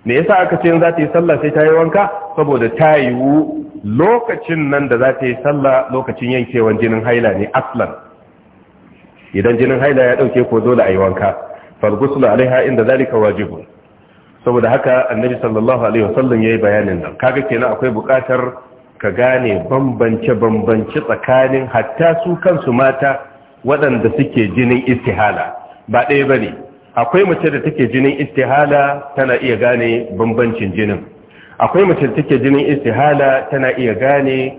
me yasa aka ce za ta yi sallah sai ta yi wanka saboda ta yiwu lokacin nan da za ta yi sallah lokacin yankewan jinin haila ne aslan idan jinin haila ya dauke ko dole a yi wanka falgusul alaiha inda zalika wajibu saboda haka annabi sallallahu alaihi wasallam yayi bayanin nan kaga kenan akwai bukatar ka gane bambance bambance tsakanin hatta su kansu mata waɗanda suke jinin istihala ba ɗaya bane akwai mace da take jinin istihala tana iya gane bambancin jinin akwai mace da take jinin istihala tana iya gane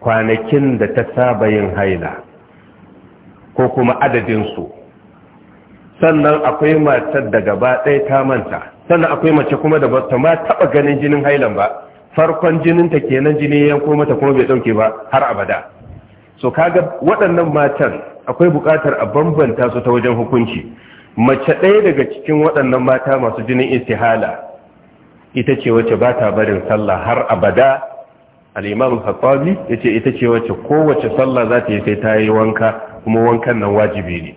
kwanakin da ta saba yin haila ko kuma adadinsu sannan akwai matar da gaba ɗaya ta manta sannan akwai mace kuma da bata ma taɓa ganin jinin hailan ba farkon jininta kenan jini ya ko mata kuma bai ɗauke ba har abada so kaga waɗannan matan akwai buƙatar a bambanta su ta wajen hukunci mace ɗaya daga cikin waɗannan mata masu jinin istihala ita ce wace ba ta barin sallah har abada al'imamu Haƙwabi ya ce ita ce wace kowace sallah za ta yi sai ta yi wanka kuma wankan nan wajibi ne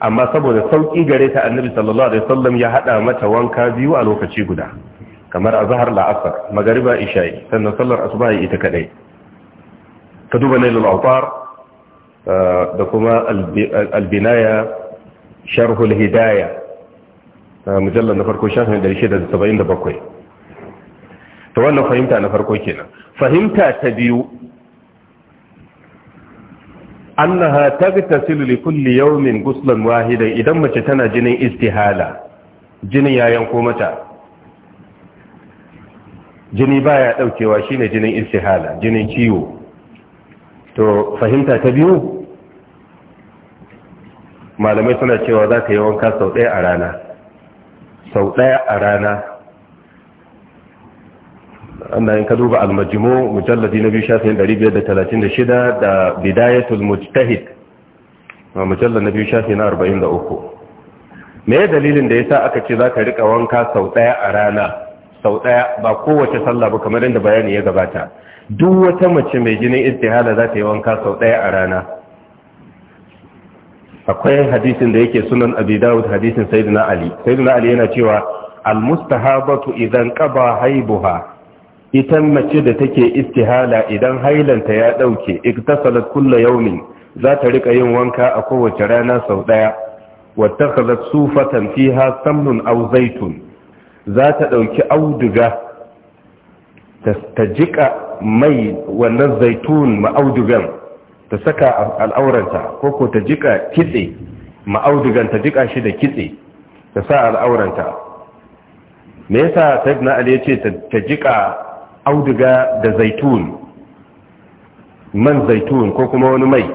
amma saboda sauƙi gare ta annabi sallallahu alaihi wasallam ya haɗa mata wanka biyu a lokaci guda kamar a zahar la'asar magariba isha'i sannan sallar asuba ita kaɗai ka duba nailul eh, da kuma albinaya sharhul hidaya mujallar na farko shafin 677 ta wannan fahimta na farko kenan fahimta ta biyu annaha tagtasilu li kulli yawmin guslan wahidan idan mace tana jinin istihala jinin ya yanko mata jini baya daukewa shine jinin istihala jinin ciwo to fahimta ta biyu malamai suna cewa za ka yi wanka sau ɗaya a rana sau ɗaya a rana annan yin ka duba almajimo mujalladi na biyu shafin 536 da bidayatul mujtahid a mujallar na biyu shafin na 43 me dalilin da ya sa aka ce za ka riƙa wanka sau ɗaya a rana sau ɗaya ba kowace sallah ba kamar yadda bayani ya gabata duk wata mace mai jinin istihala za ta yi wanka sau ɗaya a rana akwai hadisin da yake sunan abi dawud hadisin sayyidina ali sayyidina ali yana cewa almustahabatu idan qaba haibuha ita mace da take istihala idan hailanta ya dauke iktasalat kulla yawmin za ta rika yin wanka a kowace rana sau daya wattakhadhat sufatan fiha samnun aw zaitun za ta dauki auduga ta jika mai wannan zaitun ma audugan ta saka al'auranta ko ko ta jika kitse ma'audigan ta jika shi da kitse ta sa al'auranta me yasa na ali yace ta jika auduga da zaitun man zaitun ko kuma wani mai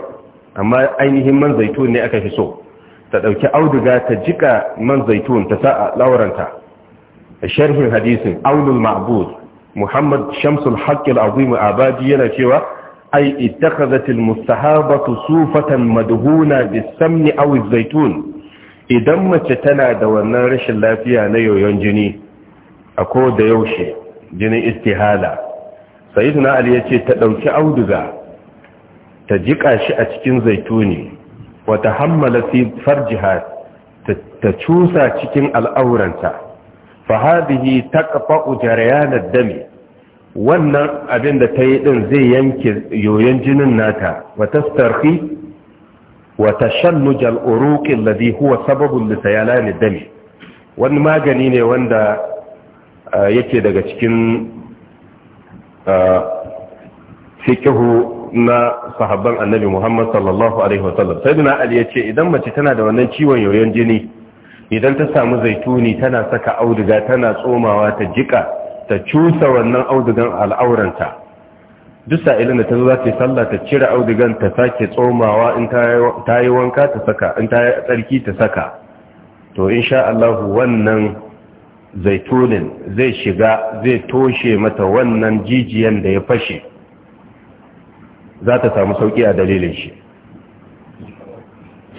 amma ainihin man zaitun ne aka fi so ta dauki auduga ta jika man zaitun ta sa al'auranta A sharhin hadisin aulul ma'bud muhammad shamsul haqqil azim abadi yana cewa ai ittakhazatil mustahabatu sufatan madhuna bisamni aw zaitun idan mace tana da wannan rashin lafiya na yoyon jini a ko da yaushe jinin istihala sayyidina ali ce ta ɗauki auduga ta jiƙa shi a cikin zaituni wa tahammala fi farjiha ta cusa cikin al'auranta fa hadhihi taqfa'u jaryan ad-dami wannan abin da ta yi ɗin zai yanke yoyon jinin nata wata starfi wata shannujal uruƙin ladi huwa sababin lisayala ne dami wani magani ne wanda yake daga cikin fikihu na sahabban annabi muhammad sallallahu alaihi wasallam sai duna ali ya ce idan mace tana da wannan ciwon yoyon jini idan ta samu zaituni tana saka auduga tana tsomawa ta jika ta cusa wannan audugan al'auranta duk sa'ilin da ta zo za ta yi sallah ta cire audugan ta sake tsomawa in ta yi wanka ta saka in ta yi tsarki ta saka to insha Allah wannan zaitunin zai shiga zai toshe mata wannan jijiyan da ya fashe za ta samu sauki a dalilin shi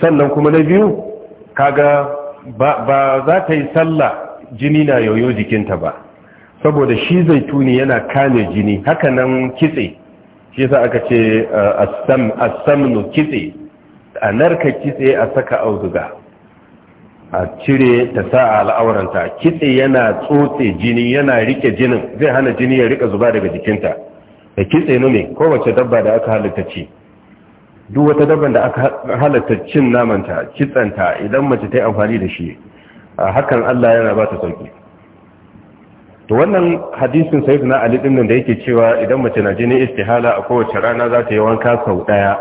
sannan kuma na biyu kaga ba za ta yi sallah jini na yoyo jikinta ba saboda shi zaituni yana kame jini haka nan kitse shi yasa aka ce uh, as-samnu kitse a narka kitse a saka auduga a cire ta sa al'auranta kitse yana tsotse jini yana rike jinin zai hana jini ya rika zuba daga jikinta da kitse ne kowace dabba da aka halitta ci duk wata dabban da aka halitta cin namanta kitsanta idan mace ta yi amfani da shi hakan Allah yana ba ta sauki to wannan hadisin sayyidina ali din da yake cewa idan mace na jini istihala a kowace rana za ta yi wanka sau daya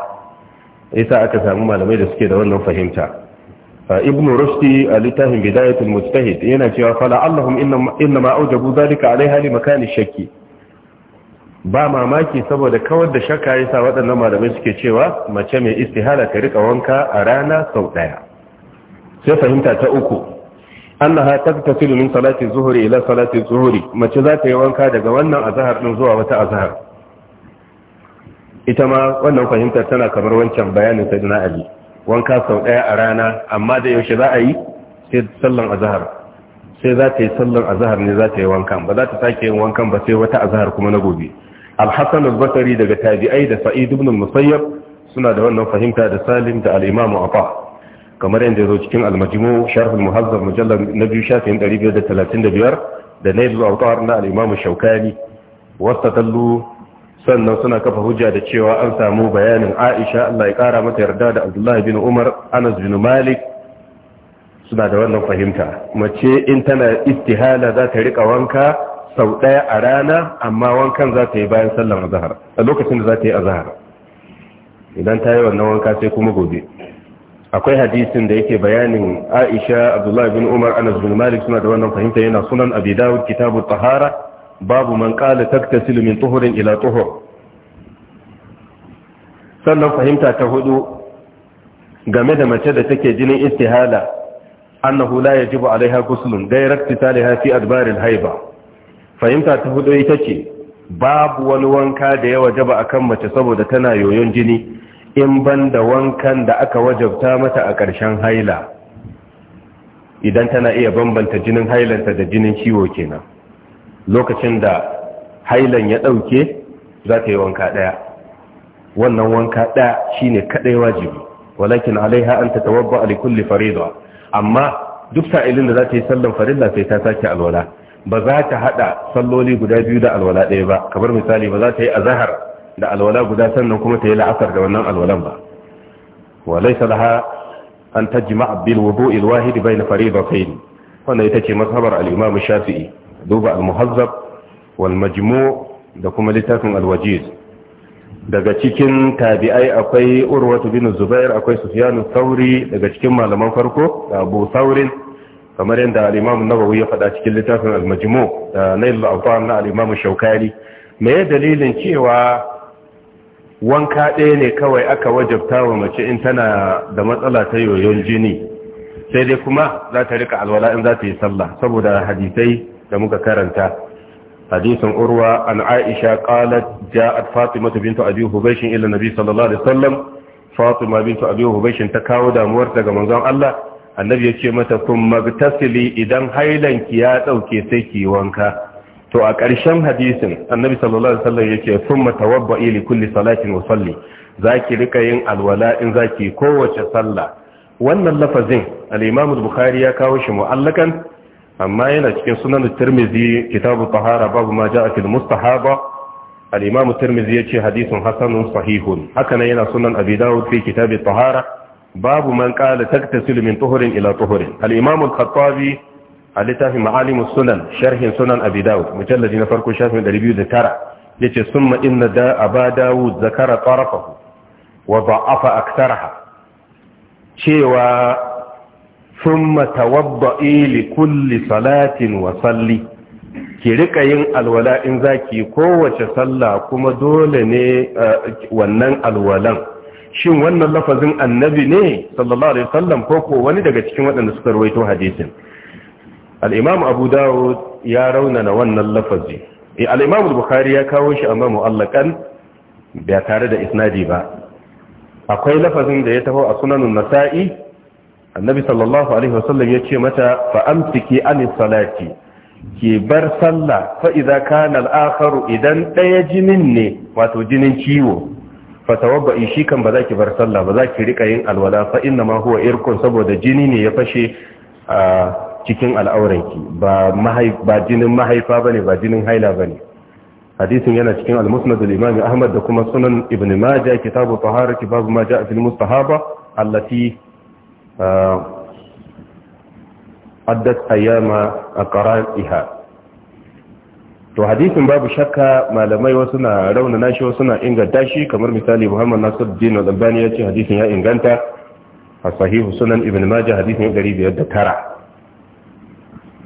yasa aka samu malamai da suke da wannan fahimta ibnu rushdi a littafin bidayatul mujtahid yana cewa fala allahum inna ma aujabu zalika alai hali makani shakki ba mamaki saboda kawar da shakka yasa waɗannan malamai suke cewa mace mai istihala ta rika wanka a rana sau daya sai fahimta ta uku annaha tagtasilu min salati zuhri ila salati zuhri mace za ta yi wanka daga wannan azhar din zuwa wata azhar ita ma wannan fahimtar tana kamar wancan bayanin na ali wanka sau daya a rana amma da yaushe za a yi sai sallan azhar sai za ta yi sallan azhar ne za ta yi wankan ba za ta sake yin wankan ba sai wata azhar kuma na gobe al-hasan al-basri daga tabi'ai da sa'id ibn musayyab suna da wannan fahimta da salim da al-imam afa kamar yadda ya zo cikin almajimu sharhul muhazzab mujallar na biyu shafin 535 da na yanzu autawar na al'imamu shaukani wasta tallu sannan suna kafa hujja da cewa an samu bayanin aisha allah ya kara mata yarda da abdullahi bin umar anas bin malik suna da wannan fahimta mace in tana istihala za ta rika wanka sau ɗaya a rana amma wankan za ta yi bayan sallar azahar a lokacin da za ta yi azahar idan ta yi wannan wanka sai kuma gobe akwai hadisin da yake bayanin Aisha Abdullah bin Umar Anas bin Malik suna da wannan fahimta yana sunan Abi Dawud kitabu tahara babu man qala taktasilu min tuhurin ila tuhur sannan fahimta ta hudu game da mace da take jinin istihala annahu la yajibu alaiha ghuslun direct talaha fi adbar haiba. fahimta ta hudu ita ce babu wani wanka da ya wajaba akan mace saboda tana yoyon jini in ban da wankan da aka wajabta mata a ƙarshen haila idan tana iya bambanta jinin hailanta da jinin ciwo kenan lokacin da hailan ya ɗauke za ta yi wanka ɗaya wannan wanka ɗaya shi ne kaɗai wajibi walakin alaiha an ta tawabba a likulli amma duk sa'ilin da za ta yi sallan farilla sai ta sake alwala ba za ta haɗa salloli guda biyu da alwala ɗaya ba kamar misali ba za ta yi a zahar da alwala guda sannan kuma ta yi la'asar da wannan alwalan ba wa laysa laha an tajma' bil wudu'i al-wahid bayna fariidatayn wannan ita ce mazhabar al-imam shafi'i duba al-muhazzab wal majmu' da kuma littafin al-wajiz daga cikin tabi'ai akwai urwatu bin zubair akwai sufyanu sauri daga cikin malaman farko da abu saurin kamar yadda al-imam nawawi ya faɗa cikin littafin al-majmu da nail al-awtan na al-imam shaukani me dalilin cewa wanka ɗaya ne kawai aka wajabta wa mace in tana da matsala ta yoyon jini sai dai kuma za ta rika alwala in za ta yi sallah saboda hadisai da muka karanta hadisin urwa an aisha qalat ja'at fatima bintu abi hubaysh ila nabi sallallahu alaihi wasallam fatima bintu abi hubaysh ta kawo damuwar daga manzon Allah annabi ya ce mata kun magtasili idan hailanki ya dauke sai ki wanka to a ƙarshen hadisin annabi sallallahu alaihi wasallam yake summa tawabba'i li kulli salatin wa salli zaki rika yin alwala in zaki kowace sallah wannan lafazin al-imam al-bukhari ya kawo shi mu'allakan amma yana cikin sunan tirmizi kitabu tahara babu ma ja'a fil mustahaba al-imam tirmizi yace hadisin hasanun sahihun haka yana sunan abi dawud fi kitab tahara babu man qala taktasilu min tuhurin ila tuhurin al-imam al-khattabi a littafin ma'alimu sunan sharhin sunan abi dawud mujalladi na farko shafin 209 yace summa inna da aba dawud zakara tarafahu wa da'afa aktsaraha cewa summa tawadda'i li kulli salatin wa salli ki rika yin alwala in zaki kowace sallah kuma dole ne eh, wannan alwalan shin wannan lafazin annabi ne sallallahu alaihi wasallam ko ko wani daga cikin waɗanda suka rawaito hadisin Al'imam imam abu dawud ya raunana wannan lafazi Eh Al'imamul bukhari ya kawo shi amma mu'allakan ba tare da isnadi ba akwai lafazin da ya taho a sunanun nasa'i annabi sallallahu alaihi wasallam ya ce mata fa amsiki anis salati ki bar sallah fa'iza idza idan ɗaya jinin ne wato jinin ciwo fatawabba'i shi kan ba za ki bar sallah ba za ki rika yin alwala fa inna ma huwa irkun saboda jini ne ya fashe a cikin al'auranki ba ba jinin mahaifa ne ba jinin haila bane hadisin yana cikin al-musnad al-imam ahmad da kuma sunan ibn majah kitabu taharati babu ma jaa fil mustahaba allati addat ayyama aqraiha to hadisin babu shakka malamai wasu na raunana wasu na inganta shi kamar misali muhammad nasiruddin al-albani ya ce hadisin ya inganta a sahihu sunan ibn majah hadisin 509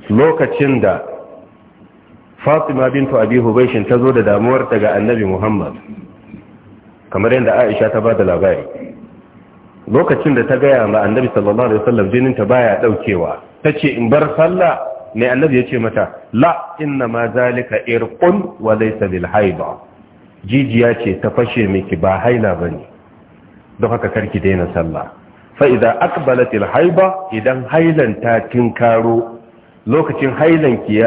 lokacin da fatima bintu abi hubaishin ta zo da damuwar daga annabi muhammad kamar yadda aisha ta ba da labari lokacin da ta gaya ma annabi sallallahu alaihi wasallam ta baya daukewa ta ce in bar sallah ne annabi ya ce mata la inna ma zalika irqun wa laysa bil haiba jijiya ce ta fashe miki ba haila bane don haka karki daina sallah fa idza aqbalatil haiba idan hailan ta tinkaro lokacin hailan ki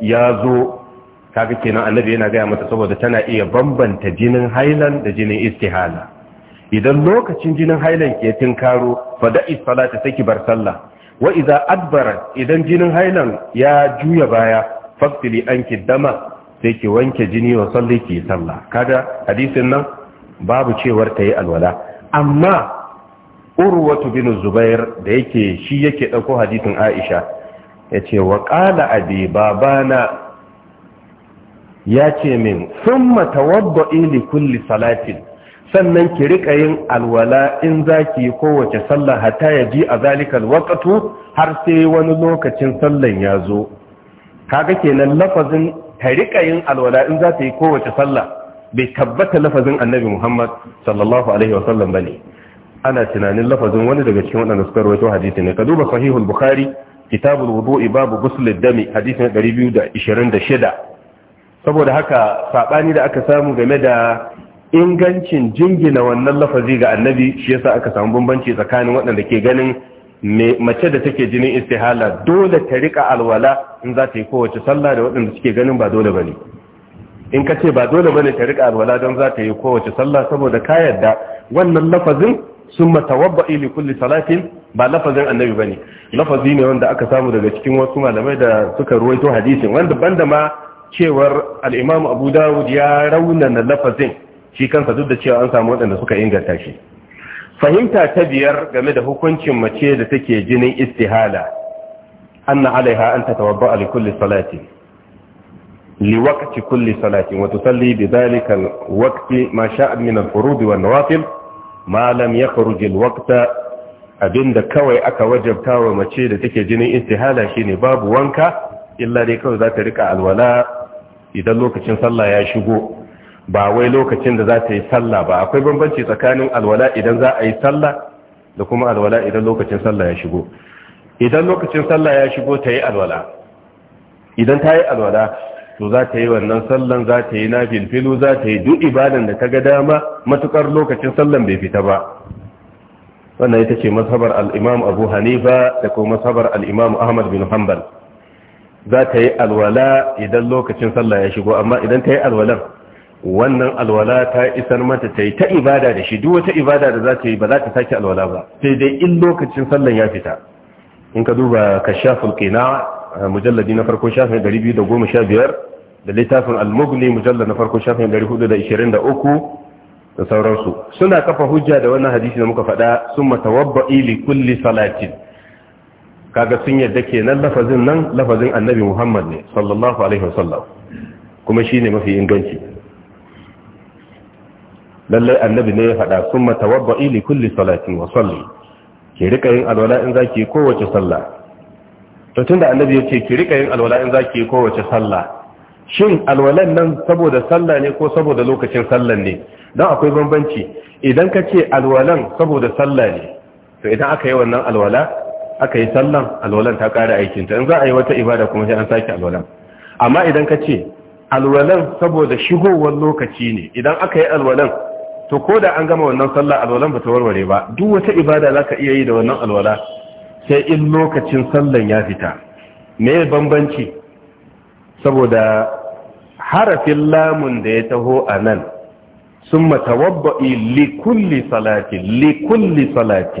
ya zo kaga kenan annabi yana gaya mata saboda tana iya bambanta jinin hailan da jinin istihala idan lokacin jinin hailan ke tinkaro fada'i salata saki bar sallah wa idza adbara idan jinin hailan ya juya baya faktili anki dama sai ki wanke jini wa salli ki sallah kaga hadisin nan babu cewar yi alwala amma urwatu bin zubair da yake shi yake dauko hadisin aisha ya ce wa ƙala abi babana ya ce min sun matawabba ili kulli salatin sannan ki riƙa yin alwala in za ki yi kowace sallah hata ya ji a zalikal wakatu har sai wani lokacin sallan ya zo kaga kenan lafazin ta riƙa yin alwala in za ta yi kowace sallah bai tabbata lafazin annabi muhammad sallallahu alaihi wasallam ba ne ana tunanin lafazin wani daga cikin waɗanda suka rawaito hadisi ne ka duba sahihul bukhari kitabul wudu'i babu guslid dami hadisi na 226 saboda haka sabani da aka samu game da ingancin jingina wannan lafazi ga annabi shi yasa aka samu bambanci tsakanin waɗanda ke ganin mace da take jinin istihala dole ta rika alwala in za ta yi kowace sallah da waɗanda suke ganin ba dole bane in ka ce ba dole bane ta rika alwala don za ta yi kowace sallah saboda ka wannan lafazin sun matawabba ili kulli salatin ba lafazin annabi ba ne. lafazi ne wanda aka samu daga cikin wasu malamai da suka ruwaito hadisin wanda banda ma cewar al-Imam Abu Dawud ya raunana lafazin shi kansa duk da cewa an samu waɗanda suka inganta shi fahimta ta biyar game da hukuncin mace da take jinin istihala anna alaiha an tatawabba li kulli salati li kulli salati Wata Salli, bi dhalika al-waqti ma sha'a min al-furud wa nawafil ma lam yakhruj al-waqta abinda kawai aka wajabta wa mace da take jinin istihala shine babu wanka illa dai kawai za ta rika alwala idan lokacin sallah ya shigo ba wai lokacin da za ta yi sallah ba akwai bambanci tsakanin alwala idan za a yi sallah da kuma alwala idan lokacin sallah ya shigo idan lokacin sallah ya shigo ta yi alwala idan ta yi alwala to za ta yi wannan sallan za ta yi na filfilu za ta yi duk ibadan da ta ga dama matukar lokacin sallan bai fita ba wannan ita ce mazhabar al'imam abu hanifa da kuma mazhabar al'imam ahmad bin hanbal za ta yi alwala idan lokacin sallah ya shigo amma idan ta yi alwalar wannan alwala ta isar mata ta yi ta ibada da shi duk wata ibada da za ta yi ba za ta sake alwala ba sai dai in lokacin sallan ya fita in ka duba kashaful qina mujalladi na farko shafin 215 da littafin al-mughni na farko shafin 423 da sauransu suna kafa hujja da wannan hadisi da muka faɗa sun matawabba ili kulli salatin kaga sun yadda nan lafazin nan lafazin annabi Muhammad ne sallallahu alaihi wasallam kuma shi ne mafi inganci lalle annabi ne ya faɗa sun matawabba ili kulli salatin wa salli ki rika yin alwala in zaki kowace sallah to tunda annabi yace ki rika yin alwala in zaki kowace sallah shin alwalan nan saboda sallah ne ko saboda lokacin sallah ne don akwai bambanci idan ka ce alwalan saboda sallah ne to idan aka yi wannan alwala aka yi sallan alwalan ta kare aikinta in za a yi wata ibada kuma sai an sake alwalan amma idan ka ce alwalan saboda shigowar lokaci ne idan aka yi alwalan to ko da an gama wannan salla alwalan ba ta warware ba duk wata ibada za ka iya yi da wannan alwala sai in lokacin sallan ya fita me bambanci saboda harafin lamun da ya taho a nan ثم توضئي لكل صلاة لكل صلاة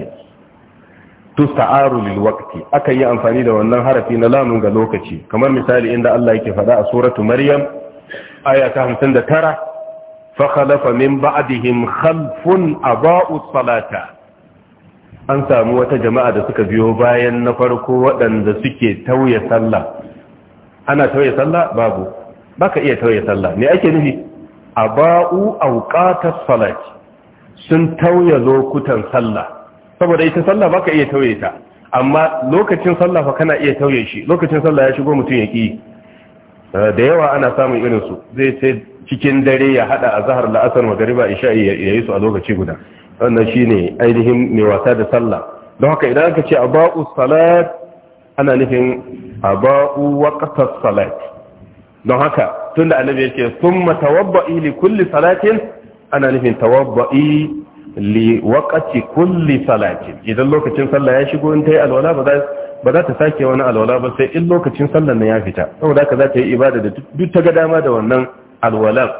تستعار للوقت أكي أنفاني دو أنه هرفين لا ننغى لوكتي كما مثال عند الله كفداء سورة مريم آية همسند ترى فخلف من بعدهم خلف أضاء الصلاة an samu wata jama'a da suka biyo bayan na farko waɗanda suke tauye sallah ana tauye sallah babu baka iya tauye sallah me ake nufi aba'u auqatas salat sun tauye lokutan sallah saboda ita sallah baka iya tauye ta amma lokacin sallah fa kana iya tauye shi lokacin sallah ya shigo mutum ya ki eh, da yawa ana samun irin su zai sai cikin dare ya hada azhar la'asar magriba isha ya yi su a lokaci guda wannan shine ainihin mai wasa da sallah don haka idan aka ce ba'u salat ana nufin ba'u waqtas salat don haka tunda annabi yake summa tawabba'i li kulli salatin ana nufin tawabba'i li waqati kulli salatin idan lokacin sallah ya shigo in tayi alwala ba za ba za ta sake wani alwala ba sai in lokacin sallar na ya fita saboda haka za ta yi ibada da duk ta ga dama da wannan alwalan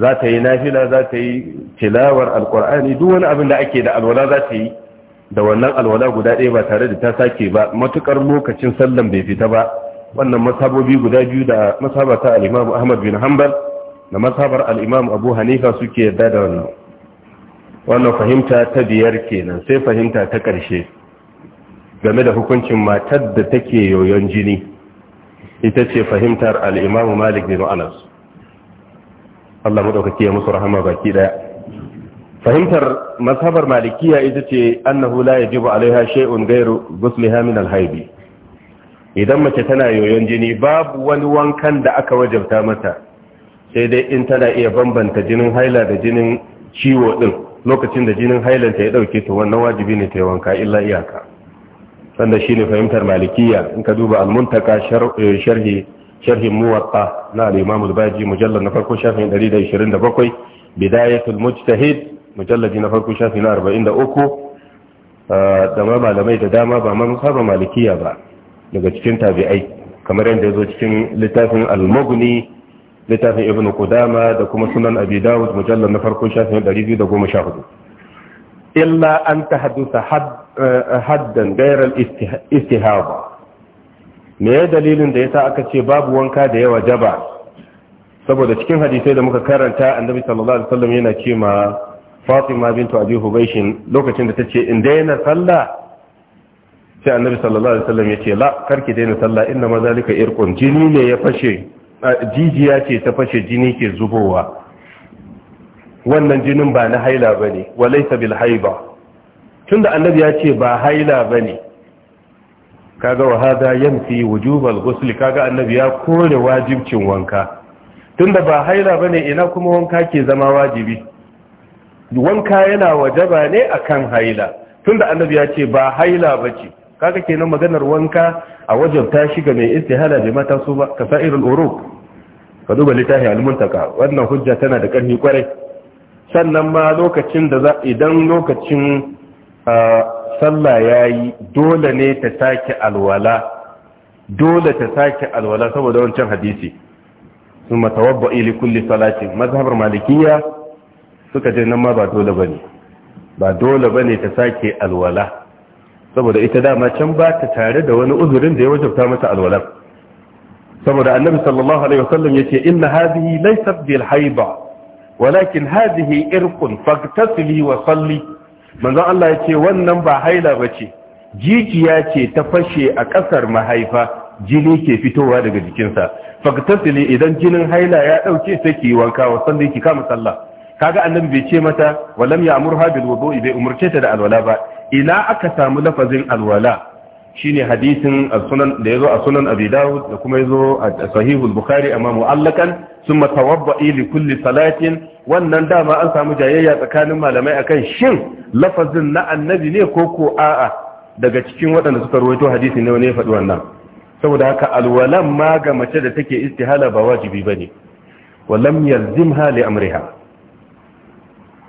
za ta yi nafila za ta yi tilawar alkur'ani duk wani abin da ake da alwala za ta yi da wannan alwala guda ɗaya ba tare da ta sake ba matukar lokacin sallan bai fita ba wannan masabobi guda biyu da masaba ta al Ahmad bin Hanbal da masabar al’imam Abu Hanifa suke yadda da wannan wannan fahimta ta biyar kenan sai fahimta ta ƙarshe game da hukuncin matar da take yoyon jini ita ce fahimtar al’imam Malik bin Anas Allah madaukake ya musu rahama baki ɗaya. fahimtar masabar malikiya ita ce annahu la yajibu alaiha shay'un ghairu ghusliha min al-haidi idan mace tana yoyon jini babu wani wankan da aka wajabta mata sai dai in tana iya bambanta jinin haila da jinin ciwo din lokacin da jinin hailanta ya dauke to wannan wajibi ne ta yi wanka illa iyaka sanda shi ne fahimtar malikiya in ka duba almuntaka eh, sharhi sharhin muwatta na al-imam al-baji mujallad na farko shafin 127 bidayatul mujtahid mujallad na farko shafin 43 ah, da ma malamai da dama ba ma musaba malikiya ba daga cikin tabi'ai kamar yadda ya zo cikin littafin al-mughni littafin ibn qudama da kuma sunan abi dawud mujallal na farko shafin 214 illa an tahaddatha eh, haddan gairar istihaba me ya dalilin da yasa aka ce babu wanka da yawa jaba saboda cikin hadisai da muka karanta annabi sallallahu alaihi wasallam yana ce Fatima bintu Abi Hubayshin lokacin da tace in daina sallah sai annabi sallallahu alaihi wasallam yace la karki daina sallah inna ma zalika irqun jini ne ya fashe jijiya ce ta fashe jini ke zubowa wannan jinin ba na haila bane walaysa bil haiba tunda annabi ya ce ba haila bane kaga wa hada yamfi wujubal ghusl kaga annabi ya kore wajibcin wanka tunda ba haila bane ina kuma wanka ke zama wajibi wanka yana wajaba ne akan haila tunda annabi ya ce ba haila bace kaga kenan maganar wanka a wajen ta shiga mai istihala bai mata su ba ka sa'irul uruq ka duba litahi al-muntaka wannan hujja tana da karfi kwarai sannan ma lokacin da za idan lokacin sallah yayi dole ne ta sake alwala dole ta sake alwala saboda wancan hadisi ثم li kulli salati mazhabar malikiyya suka je nan ma ba dole bane ba dole bane ta sake alwala saboda ita dama can ba ta tare da wani uzurin da ya wajabta mata alwala saboda annabi sallallahu alaihi wasallam yace inna hadhihi laysat bil haiba walakin hadhihi irqun fagtasili wa salli manzon Allah yace wannan ba haila bace jijiya ce ta fashe a kasar mahaifa jini ke fitowa daga jikinsa fagtasili idan jinin haila ya dauke sai ki wanka wa salli ki kama sallah kaga annabi bai ce mata walam ya amurha bil wudu'i bai umurce ta da alwala ba ila aka samu lafazin alwala shine hadisin sunan da yazo a sunan abi dawud da kuma yazo a sahihul bukhari amma mu'allakan thumma tawadda'i li kulli salatin wannan dama an samu jayayya tsakanin malamai akan shin lafazin na annabi ne ko ko a'a daga cikin waɗanda suka rawaito hadisi ne ne faɗi wannan saboda haka alwalan ma ga mace da take istihala ba wajibi bane walam yalzimha li amriha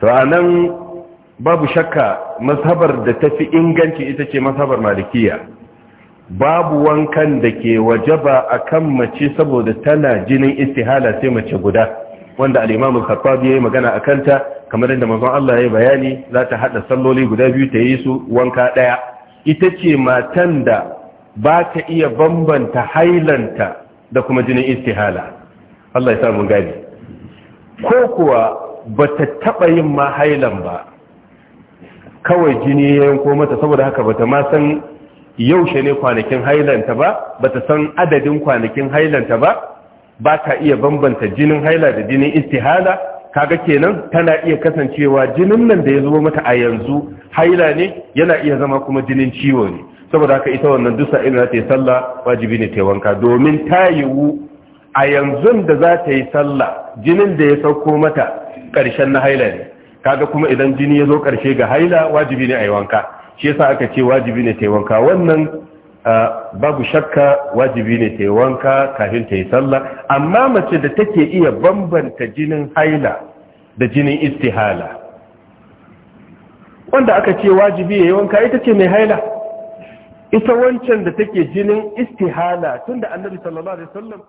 to a nan babu shakka mazhabar da ta fi inganci ita ce mazhabar malikiya babu wankan da ke wajaba a kan mace saboda tana jinin istihala sai mace guda wanda al’imamu imam ya yi magana a kanta, kamar yadda mazan Allah yi bayani za ta haɗa salloli guda biyu ta yi su wanka ɗaya. ita ce matan da ba ta iya bambanta hailanta da kuma jinin istihala Allah ya sa mun gani ko kuwa ba ta taɓa yin ma hailan ba kawai jini ya yanko mata saboda haka ba ta ma san yaushe ne kwanakin hailanta ba ba ta san adadin kwanakin hailanta ba ba ta iya bambanta jinin haila da jinin istihala kaga kenan tana iya kasancewa jinin nan da ya zo mata a yanzu haila ne yana iya zama kuma jinin ciwo ne saboda haka ita wannan dusa ina za ta yi sallah wajibi ne ta yi wanka domin ta yiwu a yanzu da za ta yi sallah jinin da ya sauko mata Karshen na haila ne kaga kuma idan jini ya zo ƙarshe ga haila wajibi ne a yi wanka shi yasa aka ce wajibi ne ta yi wanka wannan babu shakka wajibi ne ta yi wanka kafin ta yi sallah amma mace da take iya bambanta jinin haila da jinin istihala wanda aka ce wajibi ya yi wanka ita ce mai haila ita wancan da take jinin istihala tunda annabi sallallahu alaihi wasallam